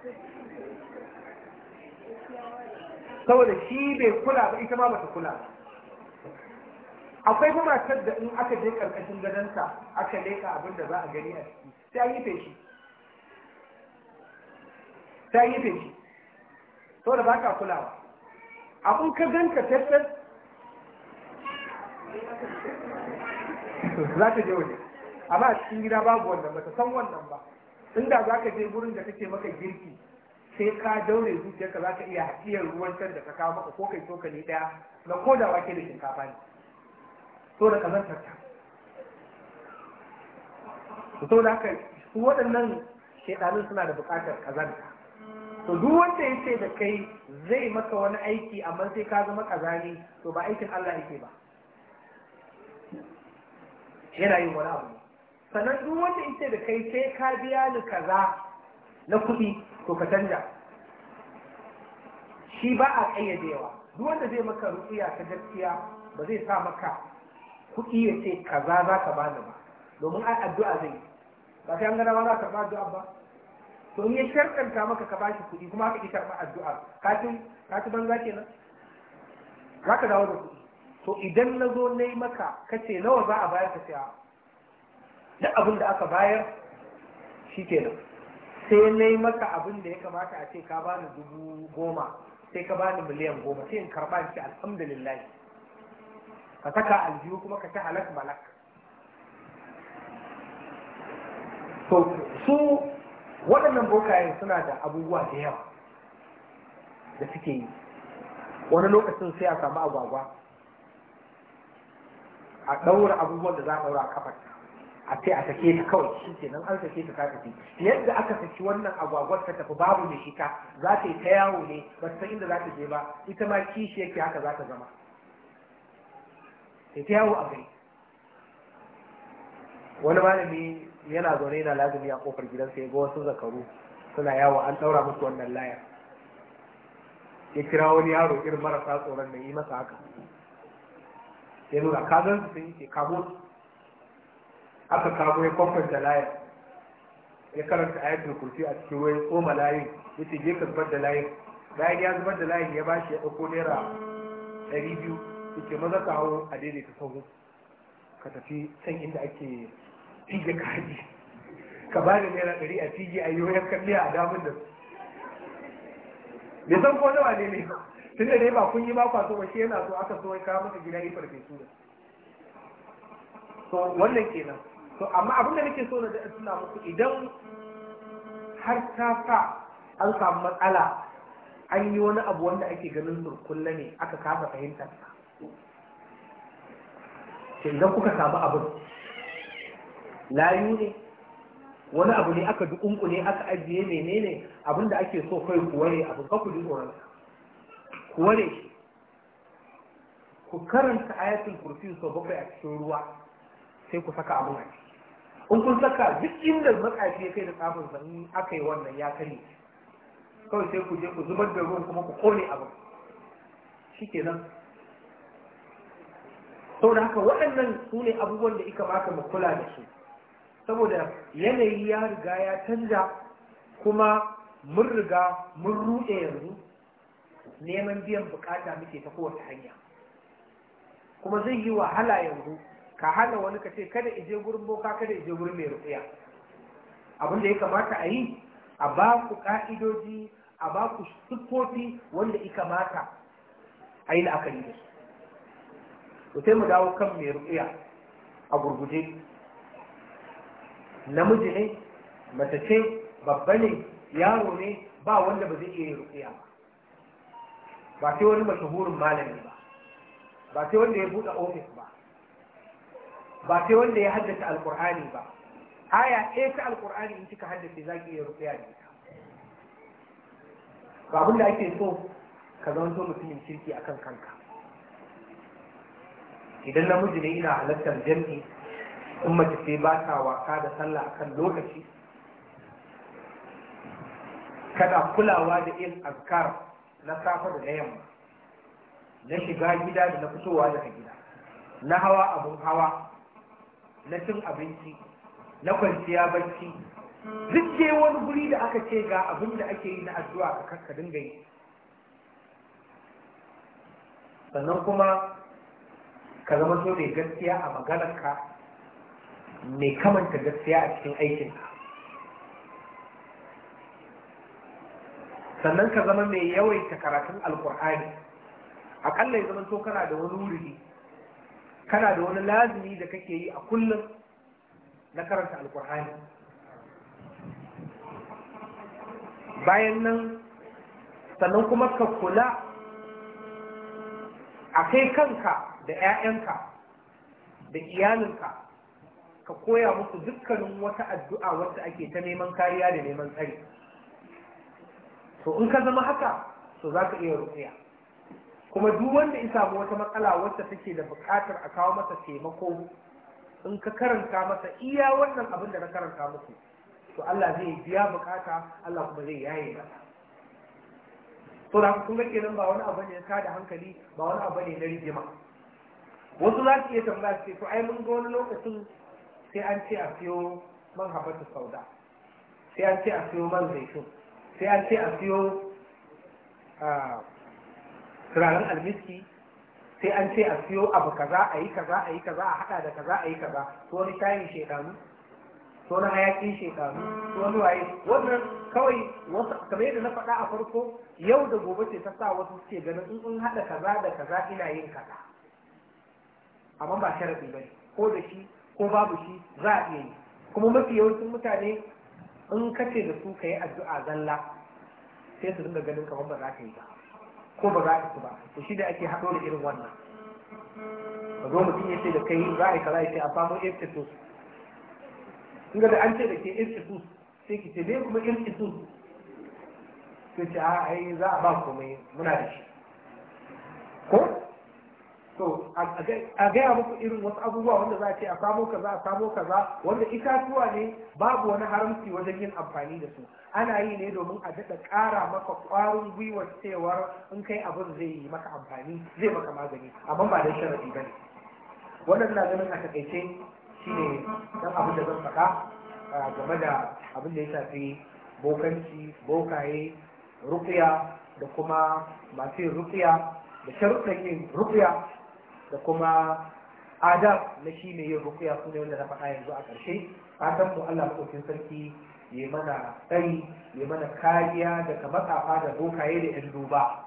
saboda shi bai kula ba ita ma bata kula akwai matar da in aka je ƙarƙashin gadonta aka leka abin da za a gani a ciki sai an yi feshi sai an yi feshi saboda ba ka kulawa abin ka ganka tattas za ta je waje amma a cikin gida babu wannan ba ta san wannan ba da za ka je wurin da kake maka girki sai ka daure zuciyarka za ka iya haƙiyar ruwan can da ka kawo maka ko kai ne ɗaya na ko da wake da shinkafa ne so da kazantar ta so da haka su waɗannan shaidanin suna da buƙatar kazanta to duk wanda ya ce da kai zai maka wani aiki amma sai ka zama kazani to ba aikin Allah yake ba yana yin wani abu sannan duk wanda in ce da kai sai ka biya ni kaza na kuɗi to ka canja shi ba a yawa. duk wanda zai maka rukiya ta gaskiya ba zai sa maka kuɗi ya ce kaza za ka bani ba domin ai addu'a zai ba sai an gana ma za ka ba addu'a ba to in ya sharkanta maka ka bashi kuɗi kuma ka ƙi karɓa addu'a ka ci banza kenan za ka dawo da kuɗi to idan na zo na yi maka kace nawa za a bayar ka siya abin da aka bayar shi nan sai na yi maka abin da ya kamata a ce ka bani dubu goma sai ka bani miliyan goma sai in karɓa shi alhamdulillah ka saka aljihu kuma ka ci halak malak to su waɗannan bokayen suna da abubuwa da yawa da suke yi wani lokacin sai a samu agwagwa a ɗaura abubuwan da za a ɗaura a kafar a ce a sake ta kawai shi ce nan an sake ta ta tafi yadda aka saki wannan agwagwar ta tafi babu da shika za ta yi ta yawo ne ba san inda za ta je ba ita ma kishi yake haka za ta zama ta yawo a gari wani malami yana zaune yana lazumi a kofar gidansa ya ga wasu zakaru suna yawo an ɗaura musu wannan layar ya kira wani yaro irin marasa tsoron da yi masa haka ya nuna kazan su sun yi kamo aka kamo ya da layin ya karanta ayatul kursi a cikin ruwan tsoma layin ya ce je ka zubar da layin bayan ya zubar da layin ya bashi ya ɗauko naira ɗari biyu ya ce maza ka hau a daidaita sahu ka tafi can inda ake fige kaji ka ba da naira ɗari a fige a yi wayan kalliya a damun da su san ko nawa ne ne tun da dai ba kun yi ba kwa ba shi yana so aka so ya kawo masa gida yi farfe su to wannan kenan to amma abin da nake so na da suna muku idan har ta sa an samu matsala an yi wani abu wanda ake ganin zurkulla ne aka kasa fahimtar sa ke idan kuka samu abin layu ne wani abu ne aka dukunku ne aka ajiye menene abin da ake so kai kuwa ne abu ka ku tsoron ku ku karanta ayatul kursi sau bakwai a cikin ruwa sai ku saka abin a ciki in kun saka duk inda matsafi ya kai da tsafin sa aka yi wannan ya kare kawai sai ku je ku zubar da ruwan kuma ku kone abin shi ke nan. Sau da haka waɗannan su ne abubuwan da ika baka mu kula da su saboda yanayi ya riga ya canza kuma mun riga mun ruɗe yanzu neman biyan bukata muke ta kowace hanya kuma zai yi wahala yanzu ka hana wani ka ce kada ije gurin boka kada ije gurin mai rufiya abin da ya kamata a yi a ba ku ka'idoji a ba ku sukoti wanda ya kamata a yi la'akari da su sai mu dawo kan mai rufiya a gurguje namiji ne mace babba ne yaro ne ba wanda ba zai iya yin rufiya ba ba sai wani mashahurin malami ba ba sai wanda ya buɗe ofis ba ba sai wanda ya haddace alkur'ani ba aya ɗaya ta alkur'ani in kika haddace za ki iya rufiya da ba abin da ake so ka zanto mutumin kirki akan kanka idan namiji ne ina halartar jam'i in mace ce ba ta waka da sallah akan lokaci kada kulawa da yin azkar na safa da na yamma na shiga gida da na fitowa daga gida na hawa abun hawa na cin abinci na kwanciya barci duk ke wani guri da aka ce ga abin da ake yi na addu'a ka kakkarin dinga yi sannan kuma ka zama so da gaskiya a maganarka mai kamanta gaskiya a cikin aikinka sannan ka zama mai yawaita karatun alkur'ani akalla ya zamanto kana da wani wuri kana da wani lazimi da kake yi a kullum na karanta alkur'ani bayan nan sannan kuma ka kula a kai kanka da 'ya'yanka da iyalinka ka koya musu dukkanin wata addu'a wata ake ta neman kariya da neman tsari to in ka zama haka to za ka iya rukiya kuma duk wanda ya samu wata matsala wacce take da buƙatar a kawo masa taimako in ka karanta masa iya wannan abin da na karanta musu, to Allah zai biya bukata Allah kuma zai yaye masa to da kun ga kenan ba wani abu ne ka da hankali ba wani abu ne na rigima wasu za su iya tambaya su ce to ai mun ga wani lokacin sai an ce a siyo man habatu sauda sai an ce a siyo man zaitun sai an ce a siyo turaren almiski sai an ce a siyo abu kaza a yi kaza a yi kaza a haɗa da kaza a yi kaza to wani shayin shekaru to wani hayakin shekaru to wani waye wannan kawai wasu kamar yadda na faɗa a farko yau da gobe ce ta sa wasu suke ganin in in haɗa kaza da kaza ina yin kaza amma ba sharaɗi ba ko da shi ko babu shi za a iya yi kuma mafi yawancin mutane in ka ce da su ka yi addu'a zalla sai su dinga ganin kamar ba za ka yi ba ko ba za ka ci ba to shi da ake haɗo da irin wannan ka zo mutum ya ce da kai za a yi kaza ya ce a samu iftitus in ga da an ce da ke iftitus sai ki ce ne kuma iftitus sai ce a ai za a ba komai muna da shi ko so a gaya muku irin wasu abubuwa wanda za a ce a samo kaza a samo kaza wanda itatuwa ne babu wani haramci wajen yin amfani da su ana yi ne domin a daɗa ƙara maka ƙwarin gwiwar cewar in kai abin zai yi maka amfani zai maka magani amma ba da sharaɗi ba ne wannan na ganin a taƙaice ne don abin da zan faɗa game da abin da ya shafi bokanci bokaye rukiya da kuma masu yin rukiya da sharuɗan yin rukiya da kuma adab na shi ne yin rukuya su ne wanda na faɗa yanzu a ƙarshe fatan mu Allah maɗaukin sarki ya mana ɗari, ya mana kariya daga matsafa da bokaye da yan duba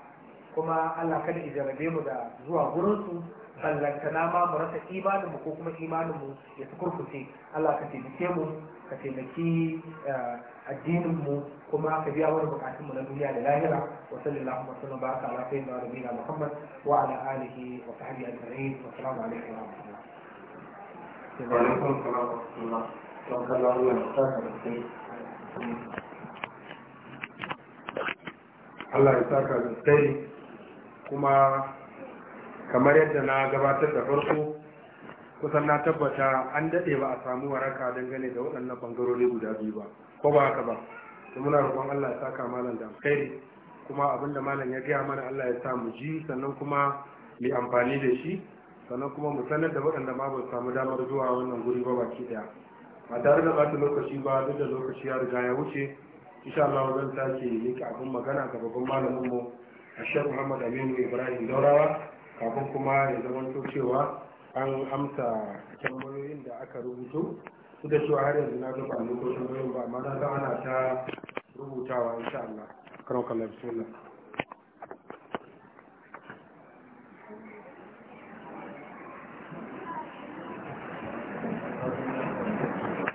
kuma Allah kada ya jarabe mu da zuwa gurinsu ballantana ma mu rasa imanin mu ko kuma imanin mu ya kurkuce Allah ka taimake mu ka taimaki eh, addinin mu kuma ka biya wani bukatunmu na duniya da lahira wa sallallahu alaihi ba baraka ala da nabiyina muhammad wa ala alihi wa sahbihi ajma'in wa assalamu alaikum wa rahmatullah wa alaikum assalam wa rahmatullah wa sallallahu alaihi wa Allah ya saka da sai kuma kamar yadda na gabatar da farko kusan na tabbata an daɗe ba a samu waraka dangane da waɗannan ɓangarori guda biyu ba ko ba haka ba sai muna roƙon Allah ya saka malam da alkhairi kuma abinda malam ya gaya mana Allah ya sa mu ji sannan kuma mu amfani da shi sannan kuma mu sanar da waɗanda ma ba samu damar zuwa wannan guri ba baki daya ba tare da ɓata lokaci ba duk da lokaci ya riga ya wuce insha Allah zan sake yi abin magana ga babban malamin mu Ashar Muhammad Aminu Ibrahim Daurawa kafin kuma ya zama cewa an amsa tambayoyin da aka rubuto su da cewa har yanzu na gaba lokacin ba amma na ana ta rubutawa insha Allah karon kallon bismillah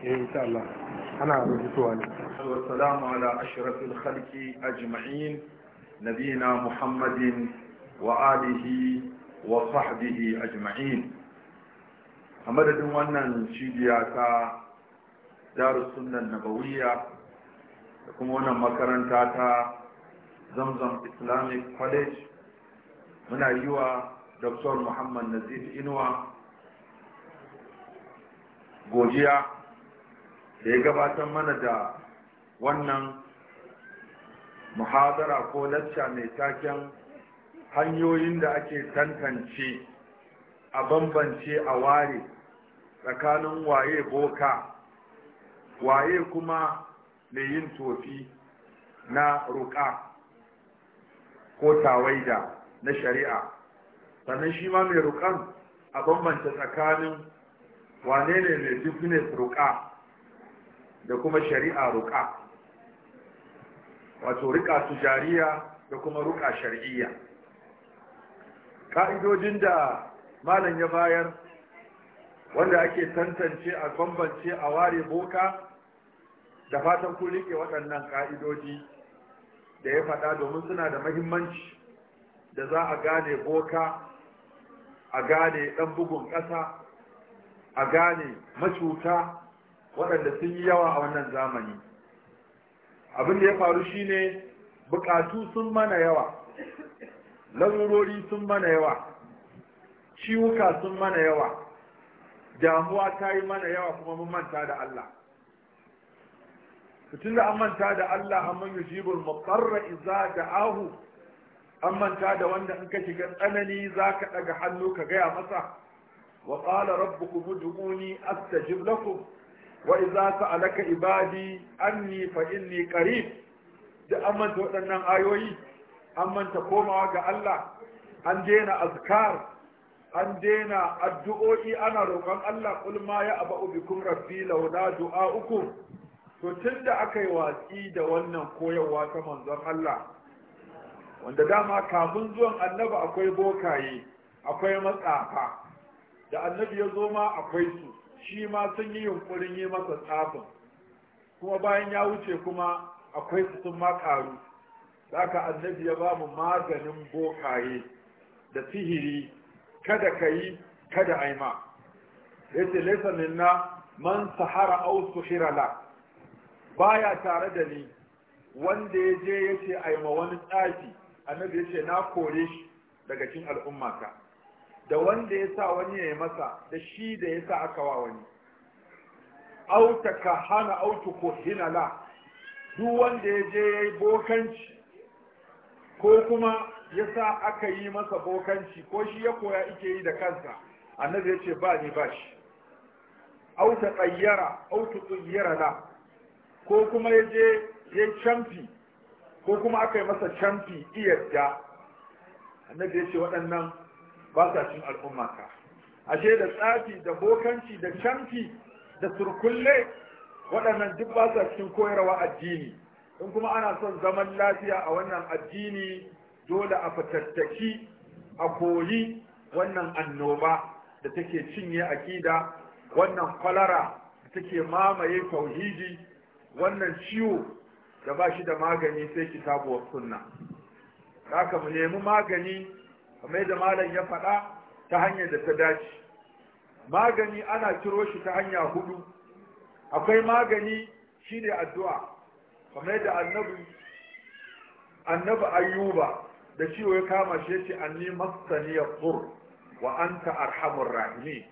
eh, insha Allah ana rubutuwa ne والسلام على أشرف الخلق أجمعين نبينا wa وآله وصحبه أجمعين أمدد wannan cibiya ta darussunan nabawiyya da kuma wannan makaranta ta zamzam islamic college muna yi wa dr muhammad nazir inuwa Gojiya. da ya gabatar mana da wannan muhadara ko lacca mai taken hanyoyin da ake tantance a bambance a ware tsakanin waye boka waye kuma mai yin tofi na ruƙa ko tawaida na shari'a sannan shi ma mai ruƙan a bambanta tsakanin wane ne mai business ruƙa da kuma shari'a ruƙa wato riƙa jariya, da kuma ruƙa shari'iyya ƙa'idojin da malam ya bayar wanda ake tantance a bambance a ware boka da fatan ku rike waɗannan ƙa'idodi da ya faɗa domin suna da mahimmanci da za a gane boka a gane ɗan bugun ƙasa a gane macuta waɗanda sun yi yawa a wannan zamani abin da ya faru shine buƙatu sun mana yawa larurori sun mana yawa ciwuka sun mana yawa damuwa ta yi mana yawa kuma mun manta da Allah tun da an manta da Allah amman yujibul muqarra idza da'ahu an manta da wanda in ka shiga tsanani zaka ɗaga hannu ka gaya masa wa qala rabbukum ud'uni astajib lakum wa idza sa'alaka ibadi anni fa inni qarib da an manta waɗannan ayoyi an manta komawa ga Allah an daina azkar an daina addu'o'i ana roƙon Allah kul ma ya abu bikum rabbi laula du'a'ukum to tun da aka yi watsi da wannan koyarwa ta manzon Allah wanda dama kafin zuwan annabi akwai bokaye akwai matsafa da annabi ya zo ma akwai su shi ma sun yi yunkurin yi masa tsafin kuma bayan ya wuce kuma akwai su sun ma karu annabi ya ba mu maganin bokaye da sihiri kada ka yi kada aima ce laysa minna man sahara au suhira la baya tare da ni wanda ya je ya ce a ma wani tsafi annabi ya ce na kore shi daga cikin al'ummata da wanda ya sa wani ya yi masa da shi da ya sa aka wa wani auta ka hana autu ko la, duk wanda ya je ya yi bokanci ko kuma ya sa aka yi masa bokanci ko shi ya koya ike yi da kansa annabi ya ce ba ni ba shi auta tsayyara autu tsayyara la ko kuma ya je ya camfi ko kuma aka yi masa camfi iyadda annabi ya ce waɗannan ba sa cin al'umma ka ashe da tsafi da bokanci da camfi da surkulle waɗannan duk ba sa cikin koyarwa addini in kuma ana son zaman lafiya a wannan addini dole a fatattaki a koyi wannan annoba da take cinye akida wannan kwalara da take mamaye tauhidi wannan ciwo da ba shi da magani sai kitabuwar sunna haka mu nemi magani kamar da malam ya faɗa ta hanyar da ta dace magani ana ciro shi ta hanya hudu akwai magani shine addu'a kamar da annabi annabi ayyuba da ciwo ya kama shi yace anni masani yaqur wa anta arhamur rahimin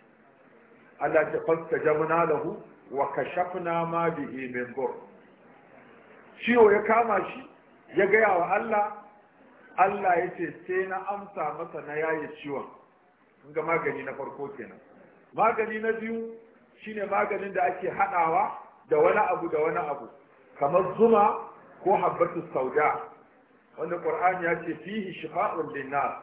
Allah ta fastajabna lahu wa kashafna ma bihi min dur ciwo ya kama shi ya gaya wa Allah Allah ya ce sai na amsa masa na yaye ciwon ga magani na farko kenan magani na biyu shine maganin da ake hadawa da wani abu da wani abu kamar zuma ko habbatu sauda wanda qur'ani ya ce fihi shifa'un linnas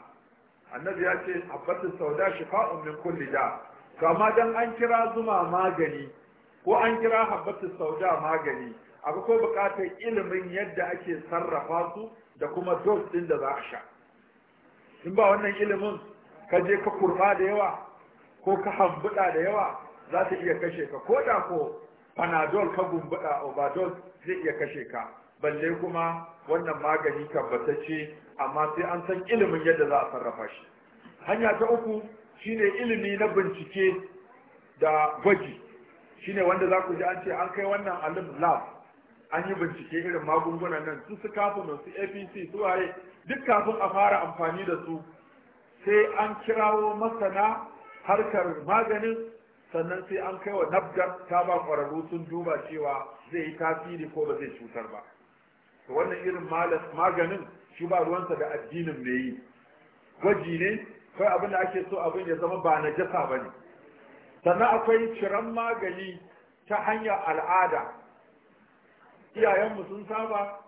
annabi ya ce habbatu sauda shifa'un min kulli da Kama dan an kira zuma magani ko an kira habbatu sauda magani abu ko bukatar ilimin yadda ake sarrafa su da kuma dose din da za a sha in ba wannan ilimin ka je ka kurba da yawa ko ka hambuda da yawa za ta iya kashe ka ko da ko panadol ka gumbuda overdose zai iya kashe ka balle kuma wannan magani tabbatacce amma sai an san ilimin yadda za a sarrafa shi hanya ta uku shine ilimi na bincike da gwaji shine wanda za ku ji an ce an kai wannan alim lab an yi bincike irin magungunan nan su su kafin su apc su waye duk kafin a fara amfani da su sai an kirawo masana harkar maganin sannan sai an kai wa nabdar ta ba ƙwararru sun duba cewa zai yi tasiri ko ba zai cutar ba to wannan irin maganin shi ba ruwansa da addinin mai yi gwaji ne kai abin da ake so abin ya zama ba na jasa ba ne sannan akwai ciran magani ta hanyar al'ada iyayenmu sun saba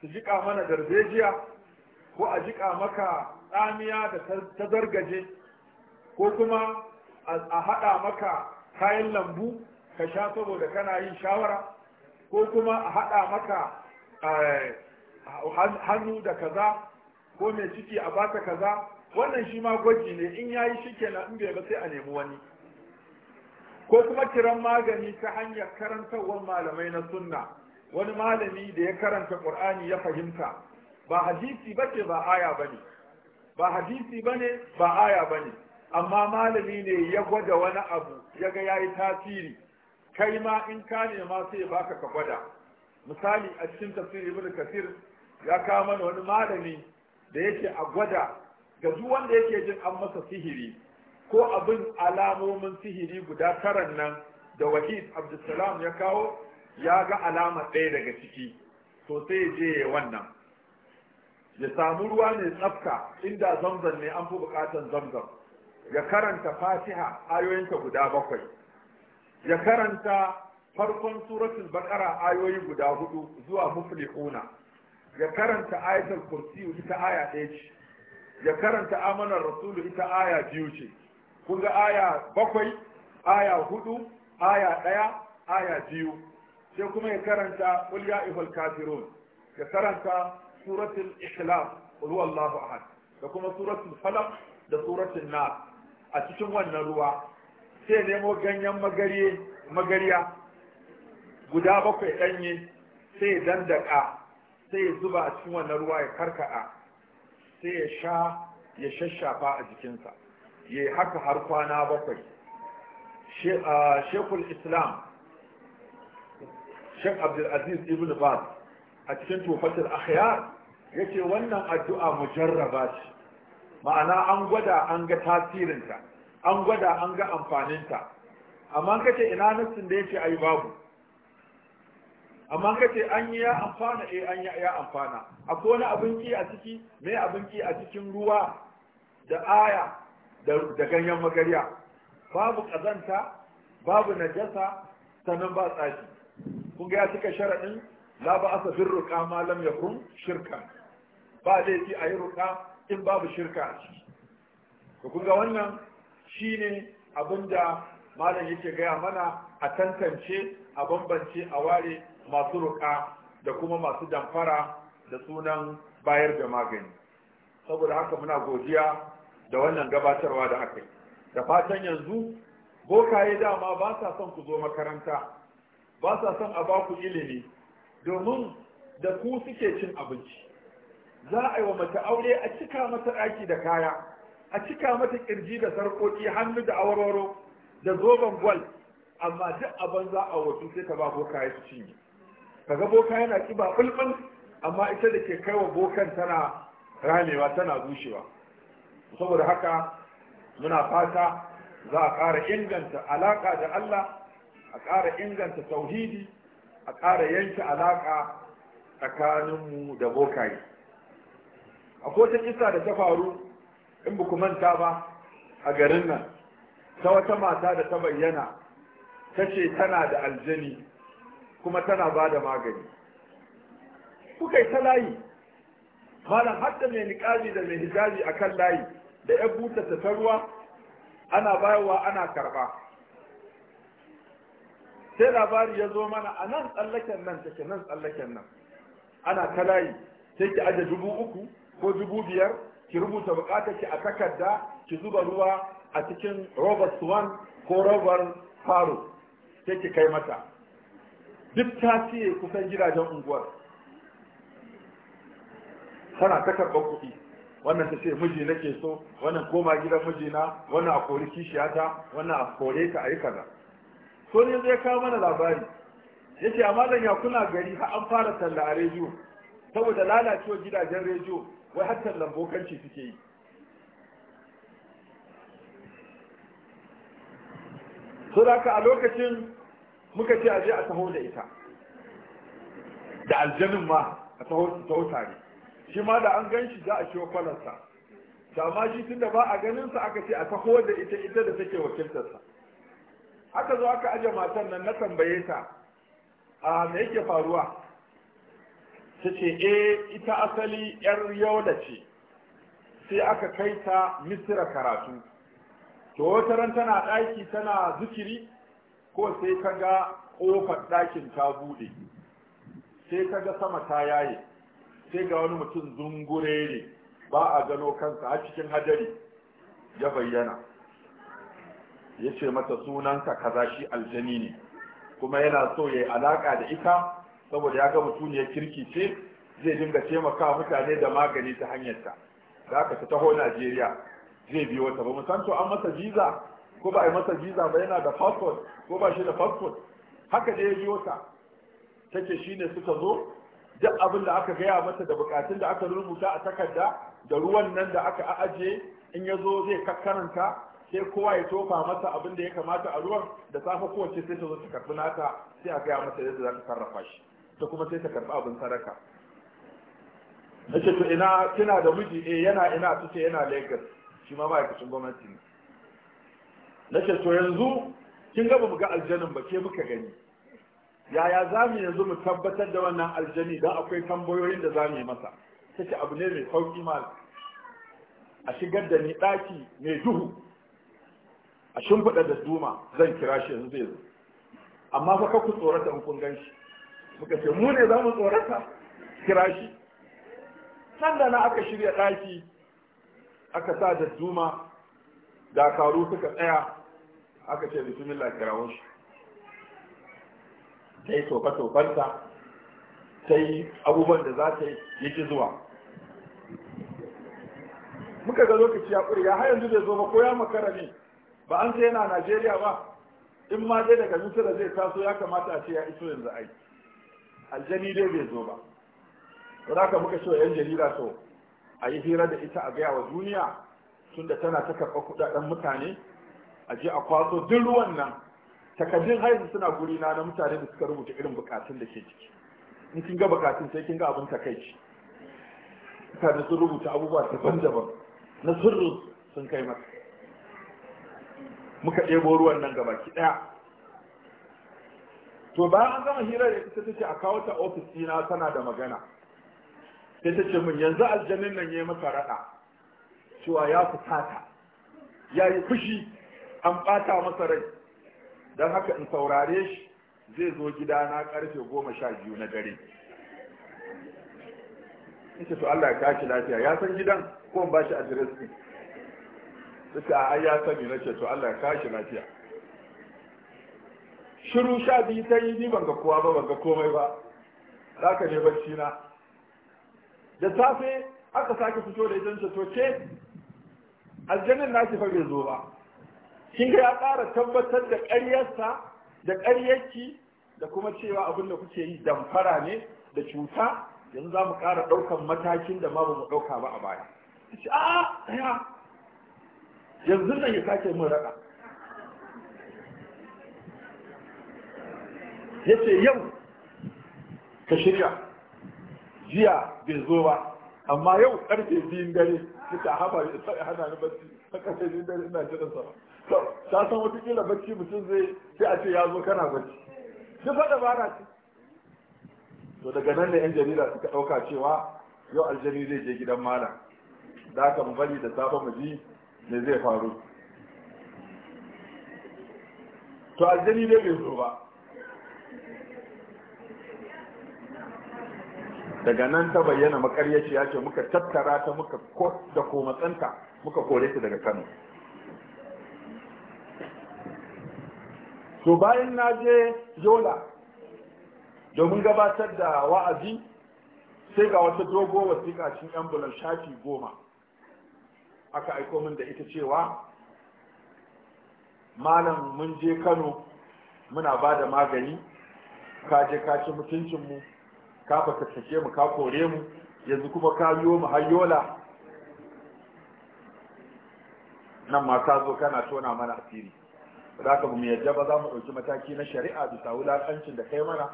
su jiƙa mana darbejiya ko a jiƙa maka tsamiya da ta zargaje ko kuma a haɗa maka kayan lambu ka sha saboda kana yin shawara ko kuma a haɗa maka eh, hannu da kaza ko mai ciki a ba ta kaza wannan shi ma gwaji ne in yayi shi kenan in bai ba sai a nemi wani ko kuma kiran magani ta hanyar karantarwar malamai na sunna wani malami da ya karanta ƙur'ani ya fahimta ba hadisi bace ba aya bane ba hadisi bane ba aya bane amma malami ne ya gwada wani abu ya ga yayi tasiri kai ma in ka ne ma sai ya baka ka gwada misali a cikin tafsir ibnu kasir ya kawo mana wani malami da yake a gwada ga duk wanda yake jin an masa sihiri ko abin alamomin sihiri guda taran nan da wahid abdulsalam ya kawo ya ga alama ɗaya daga ciki to sai ya je wannan ya samu ruwa mai tsafta inda zamzam ne an fi bukatan zamzam ya karanta fatiha ayoyinta guda bakwai ya karanta farkon suratul baqara ayoyi guda hudu zuwa muflihuna ya karanta ayatul kursi ita aya ɗaya ce ya karanta amanar rasulu ita aya biyu ce kun ga aya bakwai aya hudu aya ɗaya aya biyu sai kuma ya karanta ulya ihul kafirun ya karanta suratul ikhlas qul huwallahu ahad da kuma suratul falaq da suratul nas a cikin wannan ruwa sai nemo ganyen magariye magariya guda bakwai ɗanye sai ya dandaka sai zuba a cikin wannan ruwa ya karkada sai ya sha ya shashafa a jikinsa ye haka har kwana bakwai shekul islam shek abdulaziz ibn baz a cikin tufatar akhyar ya ce wannan addu'a mujarraba ce ma'ana an gwada an ga tasirinta an gwada an ga amfaninta amma kace ina nassin da yake ayi babu amma kace an yi ya amfana eh an yi ya amfana akwai wani abinci ki a ciki me abinci ki a cikin ruwa da aya da ganyen magariya babu kazanta, babu najasa sanin ba tsaki kun ga ya cika sharaɗin la ba asa bin ruƙa ma lam yakun shirka ba laifi a yi ruka in babu shirka a ciki to kun ga wannan shine abin da malam yake gaya mana a tantance a bambance a ware masu ruƙa da kuma masu damfara da sunan bayar da magani saboda haka muna godiya da wannan gabatarwa da aka yi da fatan yanzu bokaye dama ba sa son ku zo makaranta ba sa son a ba ku ilimi domin da ku suke cin abinci za a yi wa mace aure a cika mata ɗaki da kaya a cika mata kirji da sarƙoƙi hannu da awarwaro da zoben gwal amma duk abin za a wasu sai ka ba bokaye su cinye kaga boka yana kiba bulbul amma ita da ke kai wa bokan tana ramewa tana bushewa saboda haka muna fata za a ƙara inganta alaƙa da Allah a ƙara inganta tauhidi a ƙara yanke alaƙa tsakaninmu da bokaye a kotun isa da ta faru in buku ku manta ba a garin nan ta wata mata da ta bayyana ta ce tana da aljani kuma tana ba da magani kuka yi ta layi malam hatta mai niƙazi da mai hijabi a kan layi da ‘yan buta ta ruwa ana bayarwa ana karba sai labari ya zo mana a nan tsallaken nan take nan tsallaken nan ana kalayi sai ki aje dubu uku ko dubu biyar ki rubuta bukatar ki a takarda ki zuba ruwa a cikin robar swan ko robar faro sai ki kai mata duk ta fiye kusan gidajen unguwar tana ta karɓar kuɗi wannan ta ce miji nake so wannan koma gidan mijina wannan a kori kishiyata wannan a kore ka yi kaza to ne zai kawo mana labari Ya ce, amma dan ya kuna gari har an fara talla a rediyo saboda lalacewa gidajen rediyo wai har tallan bokanci suke yi so da a lokacin muka ce a je a taho da ita da aljanin ma a taho tare shi ma da an gan shi za a ciwo kwalarsa ma shi tun da ba a ganinsa aka ce a taho da ita ita da take wakiltarsa aka zo aka aje matan nan na tambaye ta a me yake faruwa ta ce e ita asali yar yola ce sai aka kai ta misira karatu to wata ran tana ɗaki tana zikiri ko sai ka ga ƙofar ɗakin ta buɗe sai ka ga sama ta yaye sai ga wani mutum zungure ne ba a gano kansa a cikin hadari ya bayyana ya ce mata sunanka kaza shi aljani ne kuma yana so ya yi alaƙa da ita saboda ya ga mutum ya kirki ce zai dinga taimaka mutane da magani ta hanyarta da aka ta taho najeriya zai biyo ta ba mu san to an masa visa ko ba a yi masa visa ba yana da passport ko ba shi da passport haka da ya biyo ta take shine suka zo duk abin da aka gaya mata da bukatun da aka rubuta a takarda da ruwan nan da aka aje in ya zo zai kakkaranta sai kowa ya tofa masa abin da ya kamata a ruwan da safe kowace sai ta zo ta karbi nata sai a gaya mata yadda za ta sarrafa shi ta kuma sai ta karbi abin sadaka nace to ina kina da miji eh yana ina tace yana Lagos shi ma ma'aikacin gwamnati ne nace to yanzu kin ga mu ga aljanin ba ke muka gani yaya za mu yanzu mu tabbatar da wannan aljani don akwai tambayoyin da za mu yi masa ce abu ne mai sauƙi ma a shigar da ni ɗaki mai duhu a shimfiɗa da duma zan kira shi yanzu zai zo amma fa ka ku tsorata in kun gan shi muka ce mu ne za mu tsorata kira shi na aka shirya ɗaki aka sa da duma dakaru suka tsaya aka ce bismillah kirawon shi ta yi tofa-tofanta ta yi abubuwan da za ta yi ki zuwa muka ga lokaci ya ƙuri ya har yanzu bai zo ba ko ya makara ne ba an sai yana najeriya ba in ma dai daga misira zai taso ya kamata a ce ya iso yanzu ai aljani dai bai zo ba don ka muka ce yan jarida so a yi hira da ita a gaya wa duniya tunda tana ta karɓa kuɗaɗen mutane a je a kwaso duk ruwan nan takaddun haihu suna guri na mutane da suka rubuta irin bukatun da ke ciki in kin ga bukatun sai kin ga abin takaici mutane sun rubuta abubuwa daban-daban na sirrin sun kai masa muka ɗebo ruwan nan gaba ki ɗaya to bayan an gama hirar da ita tace a kawo ta ofis dina tana da magana sai ta ce min yanzu aljanin nan ya yi masa raɗa cewa ya fusata ya yi fushi an ɓata masa rai don haka in saurare shi zai zo gida na karfe goma sha biyu na dare ita to Allah ya kashi lafiya ya san gidan ko ba shi adres din suka a ya sani na ce to Allah ya kashi lafiya shiru sha biyu ta yi ni ban ga kowa ba ban ga komai ba za ka ne bacci na da safe aka sake fito da ita to ke aljannin na ki fa bai zo ba kin ga ya ƙara tabbatar da ƙaryarsa da ƙaryarki da kuma cewa abin da kuke yi damfara ne da cuta yanzu za mu ƙara ɗaukan matakin da ma ba mu ɗauka ba a baya a ya yanzu nan ya sake min raɗa ya ce yau ka shirya jiya bai zo ba amma yau ƙarfe biyun dare suka haɓa hana ni ba su ƙarfe biyun dare ina jiran sa to ta san wata kila bacci mutum zai sai a ce ya zo kana bacci duk faɗa ba ce to daga nan ne yan jarida suka ɗauka cewa yau aljani zai je gidan malam da aka mu bari da safe mu ne zai faru to aljani dai bai zo ba daga nan ta bayyana makaryaci ya ce muka tattara ta muka ko da komatsanta muka kore ta daga kano to bayan na je yola domin gabatar da wa'azi sai ga wata dogo wasiƙa cikin ambulan shafi goma aka aiko min da ita cewa malam mun je kano muna ba da magani ka je ka ci mutuncinmu ka fatattake mu ka kore mu yanzu kuma ka biyo mu yola nan ma ka zo kana tona mana asiri za ba mu yarda ba za mu ɗauki mataki na shari'a da bisa wulaƙancin da kai mana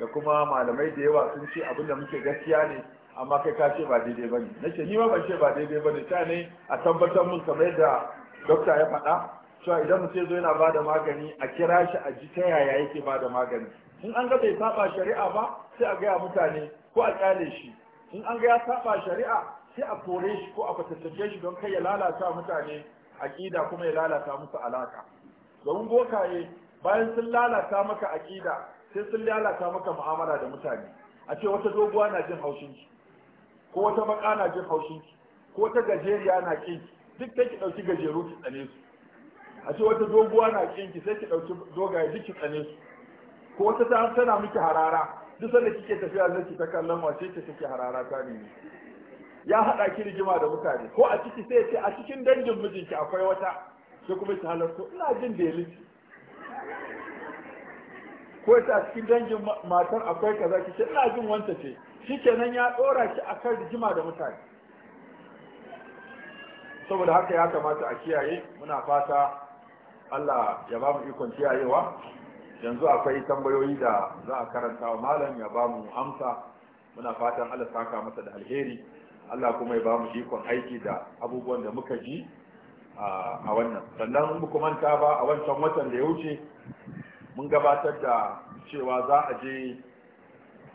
da kuma malamai da yawa sun ce abin da muke gaskiya ne amma kai ka ce ba daidai ba ne na ce ni ma ban ce ba daidai ba ne ta ne a tabbatar mun kamar yadda dokta ya faɗa cewa idan mutum zo yana ba da magani a kira shi a ji ta yaya yake bada magani in an ga bai saba shari'a ba sai a gaya mutane ko a kyale shi in an ga ya saba shari'a sai a kore shi ko a fatattake shi don kai ya lalata mutane aƙida kuma ya lalata musu alaka domin bokaye bayan sun lalata maka aƙida sai sun lalata maka mu'amala da mutane a ce wata doguwa na jin haushin ki ko wata maka na jin haushin ki ko wata gajeriya na kin duk sai ki dauki gajeru ki tsane su a ce wata doguwa na kin ki sai ki dauki dogaye duk ki tsane su ko wata ta tana miki harara duk sanda kike tafiya zai ki ta kallon wace ce kike harara ta ne ya hada ki rigima da mutane ko a ciki sai ce a cikin dangin mijinki akwai wata sai kuma ta halarta ina jin da ya liki ko ta cikin dangin matar akwai za ki ce ina jin wanta ce kenan ya dora a kan rigima da mutane saboda haka ya kamata a kiyaye muna fata Allah ya ba mu ikon kiyayewa yanzu akwai tambayoyi da za a karanta wa malam ya ba mu amsa muna fatan Allah saka masa da alheri Allah kuma ya ba mu ikon aiki da abubuwan da muka ji a wannan sannan muku manta ba a wancan watan da ya wuce mun gabatar da cewa za a je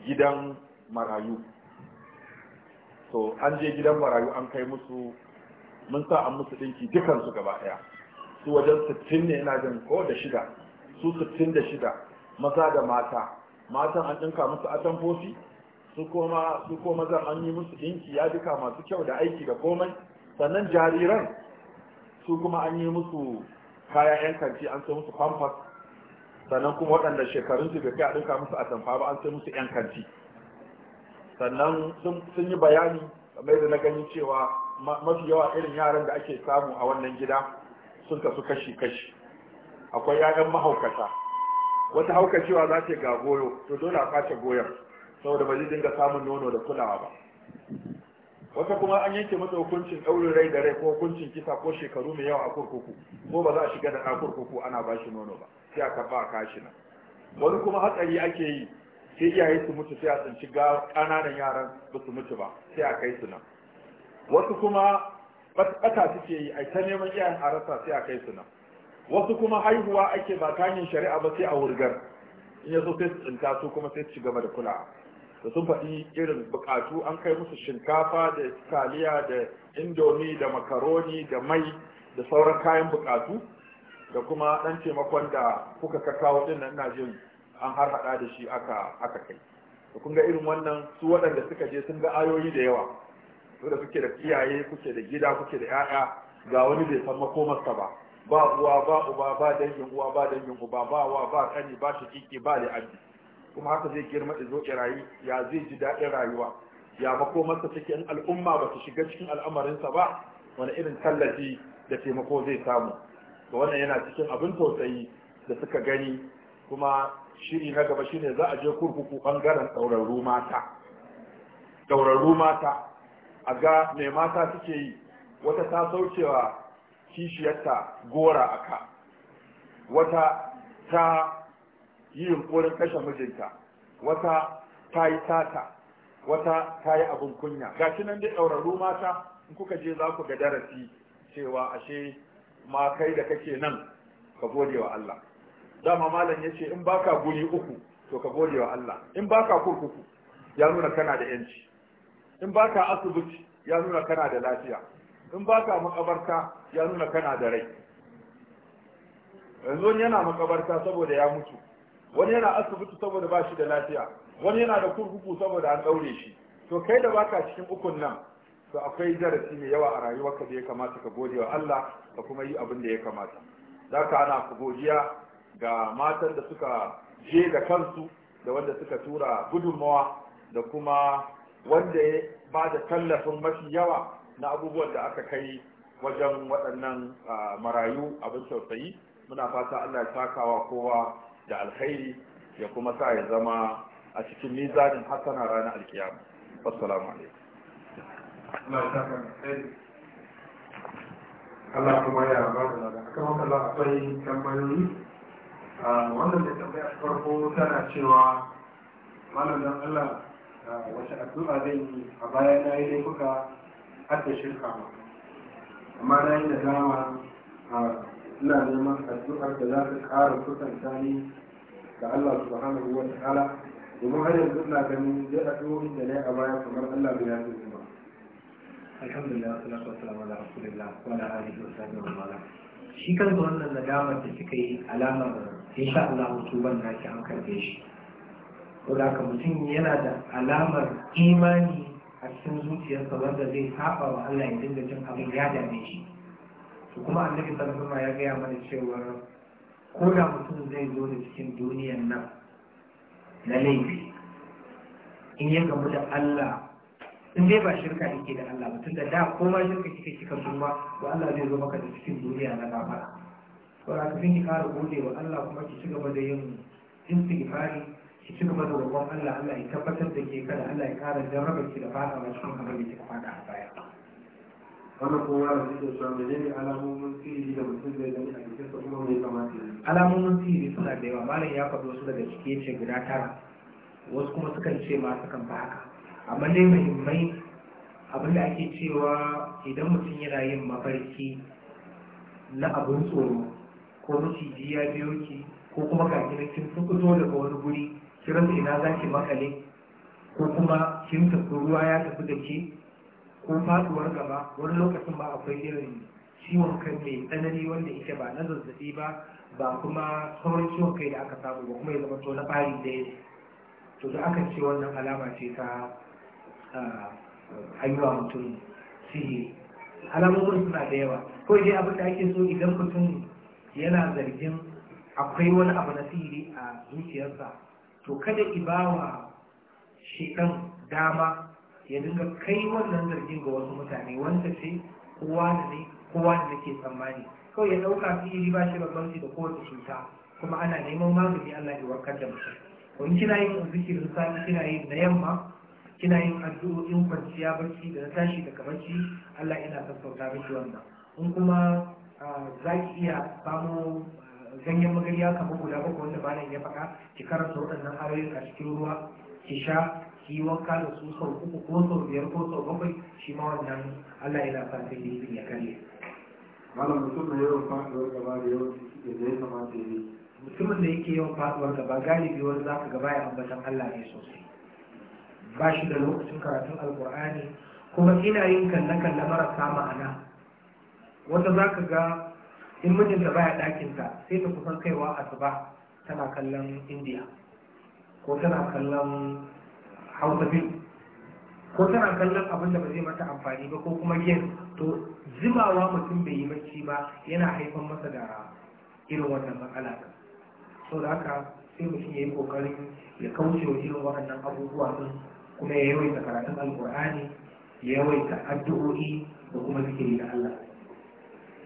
gidan marayu to an je gidan marayu an kai musu mun sa an musu ɗinki dukansu gaba ɗaya su wajen sittin ne ina jin ko da shida su sittin da shida maza da mata matan an ɗinka musu atamfofi su koma su koma zan an yi musu ɗinki ya duka masu kyau da aiki da komai sannan jariran su kuma an yi musu kayan yan kanti an sai musu pampas sannan kuma waɗanda shekarunsu bai kai a ɗinka musu atamfa ba an sai musu yan kanti sannan sun yi bayani kamar da na gani cewa mafi yawa irin yaran da ake samu a wannan gida sun kasu kashi-kashi akwai 'ya'yan mahaukata wata haukacewa za ta ga goyo to dole a kwace goyon saboda ba zai dinga samun nono da kulawa ba wata kuma an yanke masa hukuncin ɗaurin rai da rai ko hukuncin kisa ko shekaru mai yawa a kurkuku ko ba za a shiga da kurkuku ana ba shi nono ba sai a karɓa a kashi na wani kuma hatsari ake yi sai iyaye su mutu sai a tsinci ga ƙananan yaran ba su mutu ba sai a kai su nan wasu kuma ɓata suke yi a ta neman iyayen a rasa sai a kai su nan wasu kuma haihuwa ake ba ta hanyar shari'a ba sai a wurgar in ya sai su tsinta su kuma sai su ci gaba da kulawa da sun faɗi irin buƙatu an kai musu shinkafa da taliya da indomi da makaroni da mai da sauran kayan buƙatu da kuma ɗan taimakon da kuka kakawo ɗin nan jin an har haɗa da shi aka kai da kun ga irin wannan su waɗanda suka je sun ga ayoyi da yawa su da kuke da iyaye kuke da gida kuke da 'ya'ya ga wani bai san makomarsa ba ba uwa ba uba ba dangin uwa ba dangin uba ba wa ba kani ba shi ba li'abdi kuma haka zai girma da zo rayu ya zai ji daɗin rayuwa ya makomarsa take in al'umma ba su shiga cikin al'amarinsa ba wani irin tallafi da taimako zai samu ga wannan yana cikin abin tausayi da suka gani kuma shiri na gaba shine za a je kurkuku bangaren ɗaurarru mata ɗaurarru mata a ga mai mata suke yi wata ta saucewa kishiyarta gora a ka wata ta yi yunkurin kashe mijinta wata ta yi sata wata ta yi abin kunya Ga shi nan dai ɗaurarru mata in kuka je za ku ga darasi cewa ashe ma kai da kake nan ka gode wa Allah dama malam ya ce in baka guri uku to ka gode wa Allah in baka kurkuku ya nuna kana da yanci in baka asibiti ya nuna kana da lafiya in baka makabarta ya nuna kana da rai yanzu yana makabarta saboda ya mutu wani yana asibiti saboda ba shi da lafiya wani yana da kurkuku saboda an daure shi to kai da baka cikin ukun nan to akwai darasi mai yawa a rayuwarka da ya kamata ka gode wa Allah ka kuma yi abin da ya kamata za ka ana ku godiya ga matan da suka je da kansu da wanda suka tura gudunmawa da kuma wanda ya ba da tallafin mafi yawa na abubuwan da aka kai wajen waɗannan ah, marayu abin tausayi muna fata Allah ya takawa kowa da alkhairi ya kuma sa ya zama a cikin mizanin hasana ranar alkiyama assalamu alaikum Allah kuma ya ba da kan wakala akwai tambayoyi ah, wannan da tambaya farko tana cewa malam dan Allah ah, wace addu'a zan yi a baya na yi laifuka har da shirka ma. amma na yi da dama ah, ina neman addu'ar da za ta ƙara kusanta ni da Allah subhanahu wa ta'ala domin har yanzu ina ganin zai dai addu'o'in da na a baya kamar Allah bai yafe su ba alhamdulillah salatu wassalamu ala rasulillah wa ala alihi wa sahbihi wa ala shi kansa wannan nadamar da suka yi alamar insha Allah tuban naki an karbe shi ko da haka mutum yana da alamar imani a cikin zuciyarsa wanda zai saba wa Allah ya dinga jin abin ya dame shi su kuma annabi sallallahu ya gaya mana cewa ko da mutum zai zo da cikin duniyan nan na laifi in ya gamu da Allah in dai ba shirka yake da Allah mutum da da ko ma shirka kike kika ba, ba Allah zai zo maka da cikin duniya na gaba ko da kafin ki fara gode wa Allah kuma ki cigaba da yin istighfari ki cigaba da roƙon Allah Allah ya tabbatar da ke kada Allah ya kara jarabar ki da wa cikin abin da kika fada a baya wannan alamomin sihiri da suna da yawa malam ya faɗo su daga ciki ce guda tara wasu kuma sukan ce ma sukan ba haka amma dai muhimmai abin da ake cewa idan mutum yana yin mafarki na abin tsoro ko maciji ya biyo ki ko kuma ga kina kin fito daga wani guri kiran ina zaki ki makale ko kuma kin tafi ruwa ya tafi da ke ko faduwar gaba wani lokacin ba akwai irin ciwon kai mai tsanani wanda yake ba na zazzabi ba ba kuma sauran ciwon kai da aka samu ba kuma ya zama to na bari da to da aka ce wannan alama ce ta ayyuwa mutum sihi alamomin suna da yawa ko dai abin da ake so idan mutum yana zargin akwai wani abu na sihiri a zuciyarsa to kada ibawa shekan dama ya dinga kai wannan zargin ga wasu mutane wanda ce kowa da ne kowa da nake tsammani kawai ya ɗauka iri ba shi shi da kowace cuta kuma ana neman magani Allah ya warkar da mutum wani kina yin zikirin safi kina yin na yamma kina yin addu'o'in kwanciya barci da na tashi daga barci Allah yana sassauta miki wannan in kuma za ki iya samo ganyen magarya kamar guda bakwai wanda ba ya faɗa ki karanta waɗannan ayoyin a cikin ruwa ki sha yi wanka da su sau uku ko sau biyar ko sau bakwai shi ma wannan Allah yana sa sai da ya karye malam mutum na yawan faɗuwar gaba da yawan da ya kamata ya yi mutumin da yake yawan faɗuwar gaba galibi wani za ka gaba ya ambatan Allah ne sosai ba shi da lokacin karatun Alƙur'ani. kuma ina yin kalle-kalle marasa ma'ana wanda za ka ga in da baya ɗakinta sai ta kusan kaiwa asuba tana kallon indiya ko tana kallon hausa bin ko tana kallon abin da ba zai mata amfani ba ko kuma yin to zimawa mutum bai yi mace ba yana haifar masa da irin wannan matsala so da haka sai mutum ya yi kokarin ya kauce wa irin wannan abubuwa din kuma ya yawaita karatun alkur'ani ya yawaita addu'o'i da kuma zikiri da Allah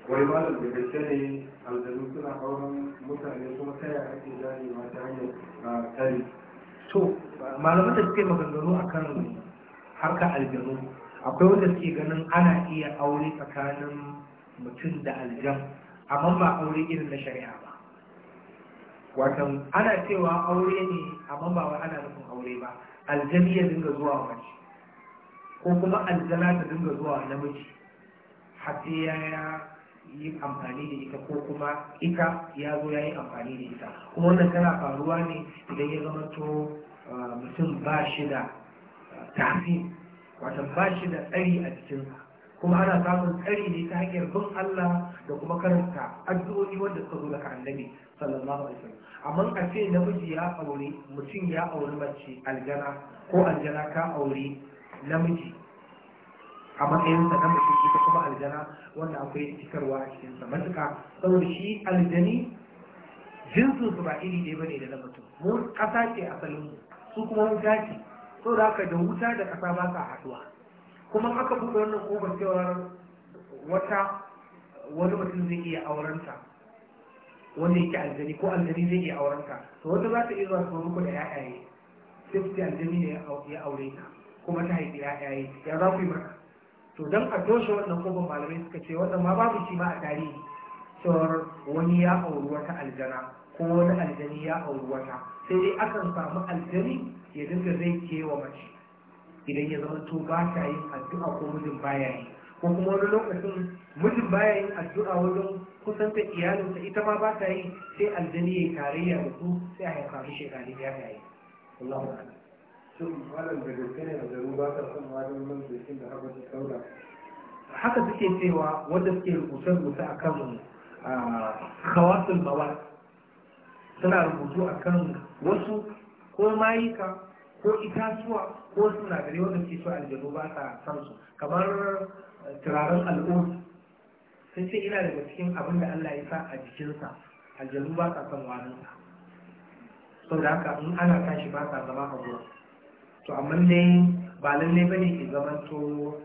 wai ba da gaske ne aljanu suna auren mutane kuma ta yaya ake ta hanyar ah, tsari to malaman da suke maganganu a kan harkar aljanu akwai wanda suke ganin ana iya aure tsakanin mutum da aljan amma ba aure irin na shari'a ba watan ana cewa aure ne amma ba wa ana nufin aure ba aljan ya dinga zuwa mace ko kuma aljana ta dinga zuwa namiji har yaya ya yi amfani da ita ko kuma ita ya zo ya yi amfani da ita kuma wannan tana faruwa ne idan ya zama to ah, mutum ba shi da ah, tafi wata ba shi da tsari a jikinsa kuma ana samun tsari ne ta hanyar bin Allah da kuma karanta addu'o'i wanda suka zo daga annabi sallallahu alaihi wasallam amma a ce namiji ya aure mutum ya aure mace aljana ko aljana ka aure namiji a matsayinsa na mutum ita kuma aljana wanda akwai cikarwa a sa matuƙa saboda shi aljani jinsin su ba iri ɗaya bane da na mutum mu ƙasa ce asalin su kuma wuta gaci saboda haka da wuta da ƙasa ba sa haɗuwa kuma aka buɗe wannan kofar cewar wata wani mutum zai iya aurenta wanda yake aljani ko aljani zai iya aurenta to wata za ta iya zuwa su muku da ƴaƴaye sai su ce aljani ne ya aure ta kuma ta haifi ƴaƴaye ya za ku yi maka to don a toshe wannan kogon malamai suka ce wannan ma babu shi ma a tarihi cewar wani ya auri wata aljana ko wani aljani ya auri wata sai dai akan samu aljani ya dinga zai kewa mace idan ya zama to ba ta yin addu'a ko mijin baya yi ko kuma wani lokacin mijin baya yin addu'a wajen kusanta iyalinsa ita ma ba ta yi sai aljani ya yi tarayya da su sai a haifa shekaru ya yi haka suke cewa wanda suke rubuce-rubuce a kan kawasul mawar suna rubutu a kan wasu ko mayuka ko itatuwa ko sinadarai wanda suke so aljanu ba sa san su kamar eh, turaren al'umma sun ce ina daga cikin abin da Allah ya sa a jikinsa aljanu ba sa san warinsa sau da haka in ana tashi ba sa zama a gurin to amma ne ba lallai bane ke zamanto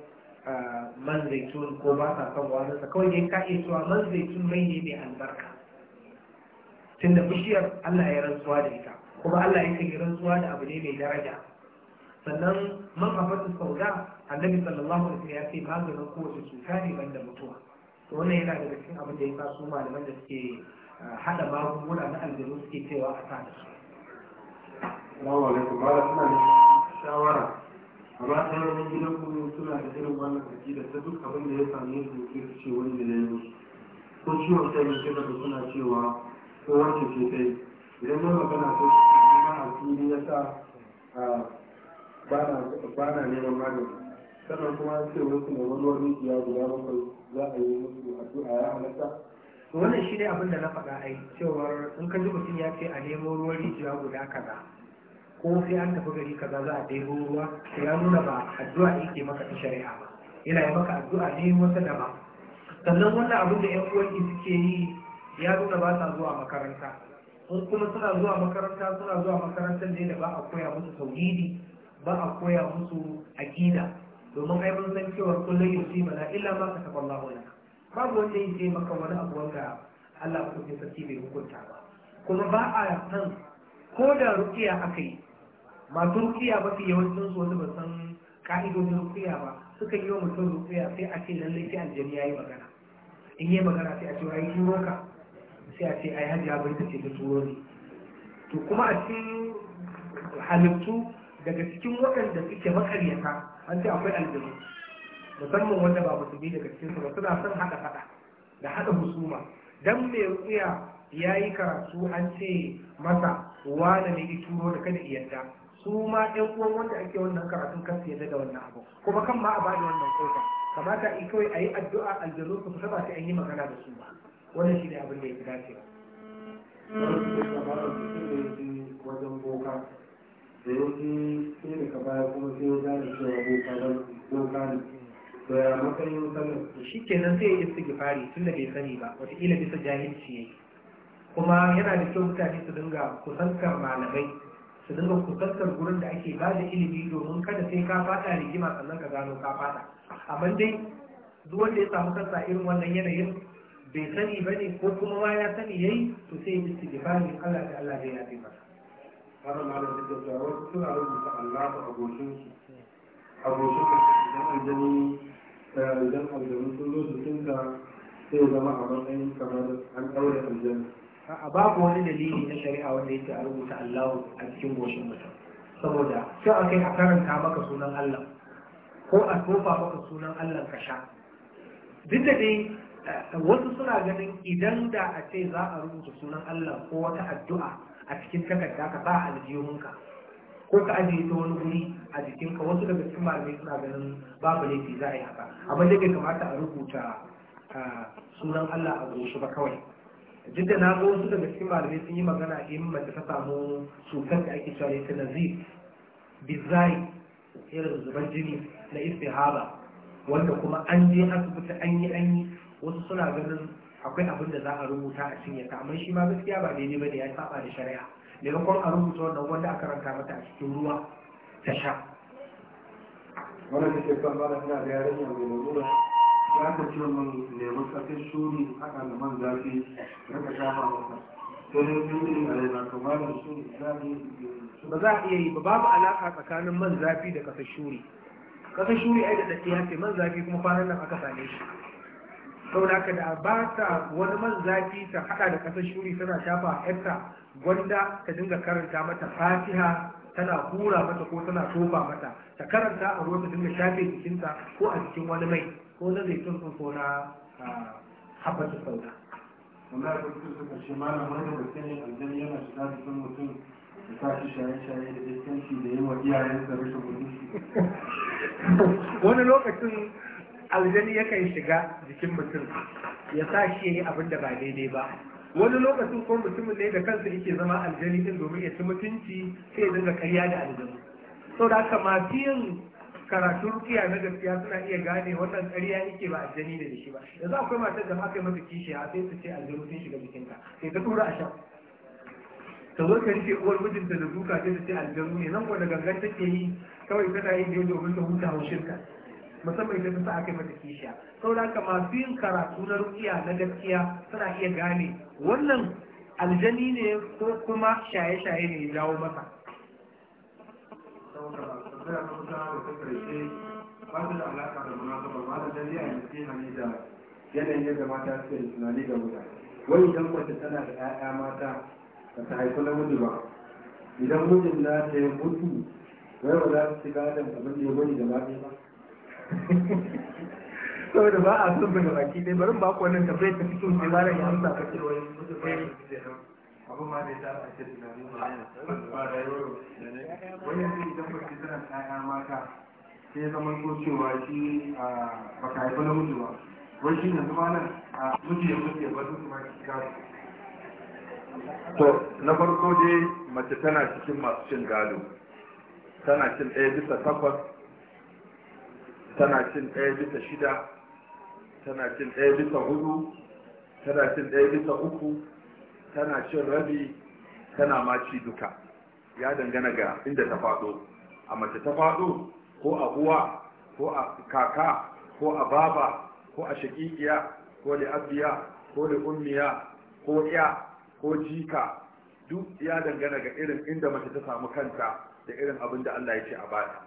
man zaitun ko ba sa son wani sa kawai dai ka iya cewa man zaitun mai ne mai albarka tunda bishiyar Allah ya rantsuwa da ita kuma Allah ya kai rantsuwa da abu ne mai daraja sannan man afatu sauda annabi sallallahu alaihi wasallam ya ce maganin kowace cuta ne banda mutuwa to wannan yana daga cikin abin da ya sa su malaman da suke hada magunguna na aljanu suke cewa a sa da su. Assalamu alaikum. Malam suna shawara A amma ɗayan gidan kuma suna da irin wannan da ta duk abin da ya same yin ke su ce da ya yi ko ciwon kai mai kika da suna cewa ko wacce ce kai idan yau magana ta kuma alfili ya sa ba na neman magani sannan kuma ce wasu ne wani wani ya guda bakwai za a yi musu a ya halatta wannan shi ne abin da na faɗa ai cewar in ka ji mutum ya ce a nemo ruwan rijiya guda kaza ko sai an tafi gari kaza za a ɗebo ruwa ya nuna ba addu'a yake maka ta shari'a ba yana yi maka addu'a ne wata dama sannan wannan abin da 'yan uwanki suke yi ya nuna ba sa zuwa makaranta in kuma suna zuwa makaranta suna zuwa makarantar ne da ba a koya musu tauhidi ba a koya musu aƙida domin ai mun san cewa kullum ba mana illa ma ka taɓa Allah lana babu wanda yake maka wani abu wanda Allah ko sarki bai hukunta ba kuma ba a san ko da rukiya aka yi masu rukiya su yawancin su wani ba san ka'idodin rukiya ba suka yi wa mutum rukiya sai a ce lallai sai aljani ya yi magana in yi magana sai a ce wani turo ka sai a ce ai hajji abin da ce ta turo ne to kuma a cikin halittu daga cikin waɗanda suke makaryata an ce akwai aljanu musamman wanda ba bi daga cikin su ba suna son haɗa faɗa da haɗa husuma dan mai rukiya ya yi karatu an ce masa wane ne ya turo da kada iyanta su ma ɗan uwan wanda ake wannan karatun kan ya yadda da wannan abu kuma kan ma a bada wannan kofar kamata in kawai a yi addu'a aljanu su fita ba sai an yi magana da su ba wannan shi ne abin da ya fi dacewa. wajen boka da yake sai da ka baya kuma sai ya gane cewa boka ba boka ne to ya matsayin sanin shi kenan sai ya istighfari tun da bai sani ba wataƙila bisa jahilci yi kuma yana da kyau mutane su dinga kusantar malamai su dinga kusantar gurin da ake ba da ilimi domin kada sai ka fada rigima sannan ka gano ka fada amma dai duk wanda ya samu kansa irin wannan yanayin bai sani ba ne ko kuma ma ya sani yayi to sai ya istighfarin Allah da Allah zai yafe masa har malam da gaggawa wasu suna rubuta Allah a goshin su a goshin su idan aljani eh, idan aljanu sun zo su tinka sai zama a matsayin kamar an ɗaure aljanu a babu wani dalili na shari'a wanda yake a rubuta Allahu a cikin goshin mutum saboda sai a kai a karanta maka sunan Allah ko a tofa maka sunan Allah ka sha duk da dai eh, wasu suna ganin idan da a ce za a rubuta sunan Allah ko wata addu'a a cikin takarda ka ba aljihunka ko ka ajiye ta wani guri a jikinka wasu daga cikin malamai suna ganin babu laifi za a yi haka amma da bai kamata a rubuta eh, sunan Allah a goshi ba kawai duk da na ga wasu daga cikin malamai sun yi magana in mace ta samu cutar da ake cewa ta nazif bizai irin zuban jini na istihara wanda kuma an je asibiti an yi an yi wasu suna ganin akwai abin da za a rubuta a cinye ta amma shi ma gaskiya ba daidai ba da ya saba da shari'a maimakon a rubuta wannan wanda aka ranta mata a cikin ruwa ta sha wannan da ke kan bada ina da yarinya mai nuna sai ce min lemun shuri haka da man zafi shafa sai ne a shuri ba za a iya yi ba babu alaƙa tsakanin man zafi da kasar shuri kasar shuri ai da ya ce man zafi kuma kwanan nan aka same shi da aka da ba ta wani man zafi ta haɗa da kasar shuri tana shafa yarta gwanda ta dinga karanta mata fatiha tana hura mata ko tana tofa mata ta karanta a ruwa ta dinga shafe jikinta ko a jikin wani mai ko na zaitun sun ko na ah, haɓata sauka. wanda ya kusa suka ce malam wani da sani aljani yana shiga cikin mutum da sa shi shaye-shaye da iskanci da yi wa iyayensa rashin mutum. wani lokacin aljani yakan shiga jikin mutum ya sa shi ya yi abin da ba daidai ba wani lokacin ko mutumin ne da kansa yake zama aljani din domin ya ci mutunci sai ya dinga karya da aljani. sau da haka masu yin karatun rukiya na gaskiya suna iya gane wannan ƙarya yake ba a jani da shi ba yanzu akwai matar da aka yi mata kishi a sai su ce aljanu sun shiga jikinta sai ta tura a sha ta zo ta rike uwar mijinta da duka sai ta ce aljanu ne nan kuwa gangan gangan take yi kawai tana yin da domin ta huta wa shirka musamman idan ta sa aka yi mata kishiya saboda haka masu yin karatu na rukiya na gaskiya suna iya gane wannan aljani ne ko kuma shaye-shaye ne ya jawo masa. tana ta kusa da ta karshe ba su da alaƙa da munasabar ba da dalili a yanzu ne da yanayin yadda mata suke da tunani da wuta wai idan mace tana da ƴaƴa mata ba ta haifi namiji ba idan mijin na ta yi mutu wai ba za su ci gadon abin da ya bari da ba ba saboda ba a sun daga baki dai bari ba ku wannan tafiyar ta fito sai ba da ya amsa ba ce wai mutu ba ya abu ma da ake a ce tunani ba rayuwar wani yanzu idan ba ke tana ɗaya mata sai ya zama ko cewa shi ba ka haifa na mutu ba wai shi yanzu ma nan a mutu ya mutu ya bazu kuma ki gado to na farko dai mace tana cikin masu cin gado tana cin ɗaya bisa takwas tana cin ɗaya bisa shida tana cin ɗaya bisa hudu tana cin ɗaya bisa uku tana cin rabi tana maci duka ya dangana ga inda ta faɗo a mace ta faɗo ko a uwa ko a kaka ko a baba ko a shakikiya ko da abiya ko da ummiya ko ya ko jika duk ya dangana ga irin inda mace ta samu kanta da irin abin da Allah ya ce a bata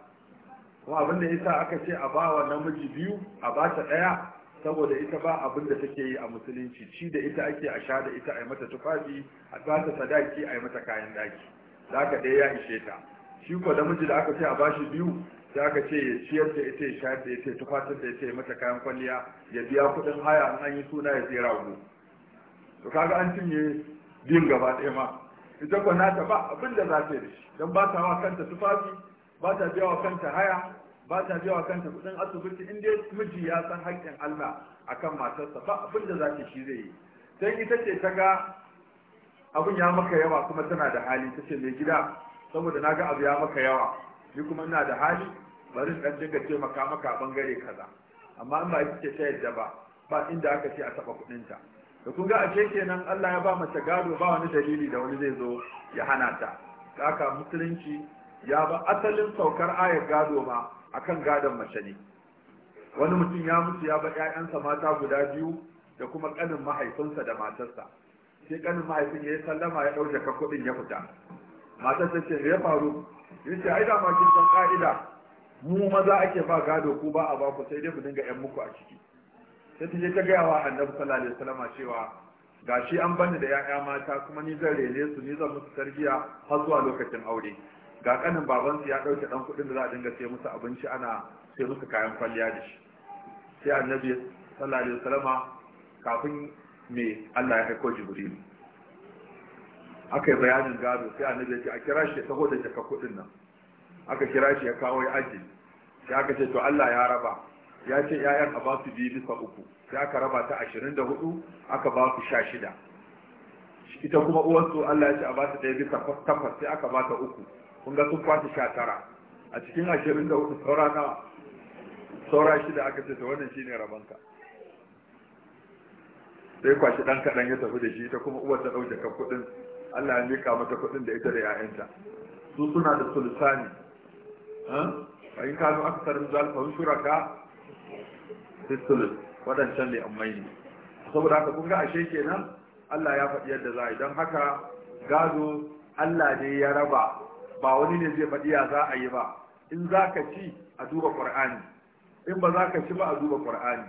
ko abin da yasa aka ce a bawa namiji biyu a bata daya saboda ita ba abin da take yi a musulunci shi da ita ake a sha da ita a yi mata tufafi a bata sadaki a yi mata kayan daki ka ɗaya ya ishe ta shi ko da miji da aka ce a bashi biyu sai aka ce ya ciyar da ita ya shayar da ita ya tufatar da ita ya mata kayan kwalliya ya biya kuɗin haya an an yi suna ya tsira rago to kaga an cinye biyun gaba ɗaya ma ita ko nata ba abin da za ta yi da shi don ba ta wa kanta tufafi ba ta biya wa kanta haya ba ta biya wa kanta kudin asibiti in dai miji ya san haƙƙin Allah akan matarsa ba abin da zaki shi zai yi sai ita ce ta ga abin ya maka yawa kuma tana da hali ta ce mai gida saboda na ga abu ya maka yawa ni kuma ina da hali bari ɗan dinga taimaka maka a bangare kaza amma in ba ita ce ta yadda ba ba inda aka ce a taɓa ta da kun ga a ce kenan Allah ya ba mace gado ba wani dalili da wani zai zo ya hana ta kaka musulunci ya ba asalin saukar ayar gado ba. akan gadon mace ne wani mutum ya mutu ya ba 'ya'yansa mata guda biyu da kuma ƙanin mahaifinsa da matarsa sai ƙanin mahaifin ya yi sallama ya ɗauke ka kuɗin ya fita matar ta ce ya faru ya ce ai ma kin san ƙa'ida mu maza ake ba gado ko ba a ba ku sai dai mu dinga ƴan muku a ciki sai ta je ta gaya wa annabi sallallahu alaihi wasallam cewa gashi an bani da 'ya'ya mata kuma ni zan rene su ni zan musu tarbiya har zuwa lokacin aure ga kanin babansu ya dauke ɗan kuɗin da za a dinga sai musu abinci ana sai musu kayan kwalliya da shi sai annabi sallallahu alaihi wasallam kafin me Allah ya haiko jibril aka yi bayanin gado sai annabi ya ce a kira shi ya taho da jaka kuɗin nan aka kira shi ya kawo ya aji sai aka ce to Allah ya raba ya ce 'Ya'yan a ba su biyu bisa uku sai aka raba ta ashirin da hudu aka ba su sha shida ita kuma uwansu Allah ya ce a ba ta ɗaya bisa takwas sai aka ba ta uku kun ga sun kwashe sha tara a cikin ashirin da hudu saura nawa saura shida aka ce ta wannan shine rabanka sai kwashe dan kaɗan ya tafi da shi ta kuma uwar ta ɗauke kan kuɗin Allah ya mika mata kuɗin da ita da 'ya'yanta su suna da sulsani a in kano aka sarin zalfa, shuraka fi ka wadancan da ammai ne saboda haka kun ga ashe kenan Allah ya faɗi yadda za a yi don haka gado Allah ne ya raba ba wani ne zai faɗi ya za a yi ba in za ka ci a duba ƙur'ani in ba za ka ci ba a duba ƙur'ani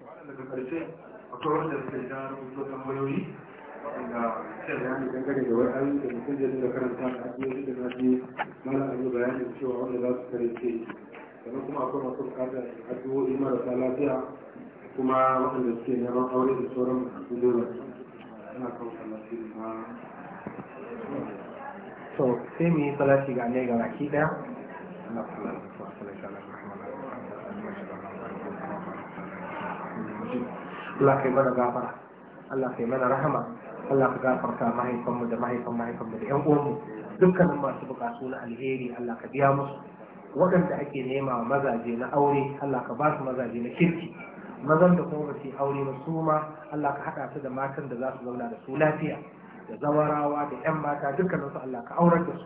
wanda suke da tambayoyi bayani cewa wanda za su sannan kuma akwai masu addu'o'i marasa lafiya kuma waɗanda suke neman aure da sauran masu dole ana kawo sallah ma so sai mu yi salati ga ne ga baki daya Allah sallallahu alaihi wa sallam Allah kai mana gafara Allah kai mana rahama Allah ka gafarta mahaifanmu da mahaifan mahaifanmu da 'yan uwanmu dukkanin masu bukatu na alheri Allah ka biya musu waɗanda ake nema wa mazaje na aure Allah ka ba su mazaje na kirki mazan da kuma ba su aure ba su ma Allah ka haɗa su da matan da za su zauna da su lafiya da zawarawa da 'yan mata dukkaninsu Allah ka aurar da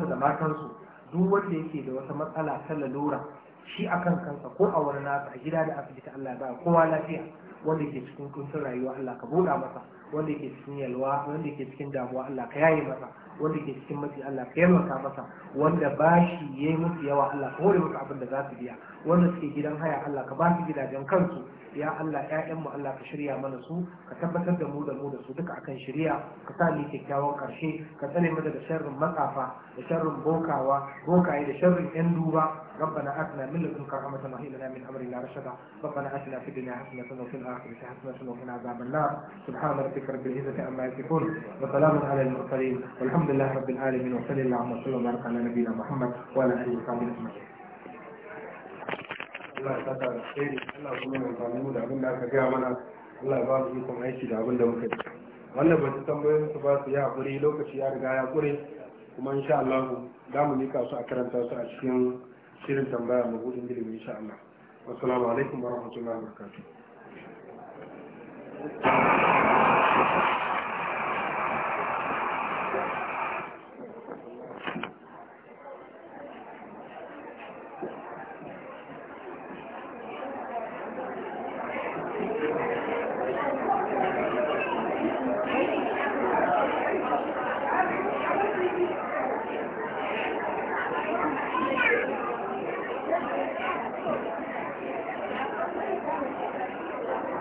su da matansu duk wanda yake da wata matsala ta lalura shi a kan kansa ko a wani nasa a gida da asibiti Allah ba kowa lafiya wanda ke cikin kuntun rayuwa Allah ka buɗa masa wanda ke cikin yalwa wanda ke cikin damuwa Allah ka yaye masa wanda ke cikin mace Allah ka taimaka masa wanda ba shi ya yi musu yawa Allah ka hore musu abin da za su biya wanda suke gidan haya Allah ka ba su gidajen kansu ya Allah ƴaƴanmu Allah ka shirya mana su ka tabbatar da mu da mu da su duka akan shirya ka sa ni kyakkyawan karshe ka tsare mu daga sharrin matsafa da sharrin bokawa bokaye da sharrin ƴan duba ربنا آتنا من لدنك رحمة وهب لنا من أمرنا رشدا ربنا آتنا في الدنيا حسنة وفي الآخرة حسنة وقنا عذاب النار سبحان ربك ربك رب العزة أما يصفون وسلام على المرسلين والحمد لله رب العالمين وصلى الله وسلم وبارك على نبينا محمد وعلى آله وصحبه أجمعين Allah ta ta da shiri Allah kuma ya zalimu da abin da aka gaya mana Allah ya ba su ikon aiki da abin da muke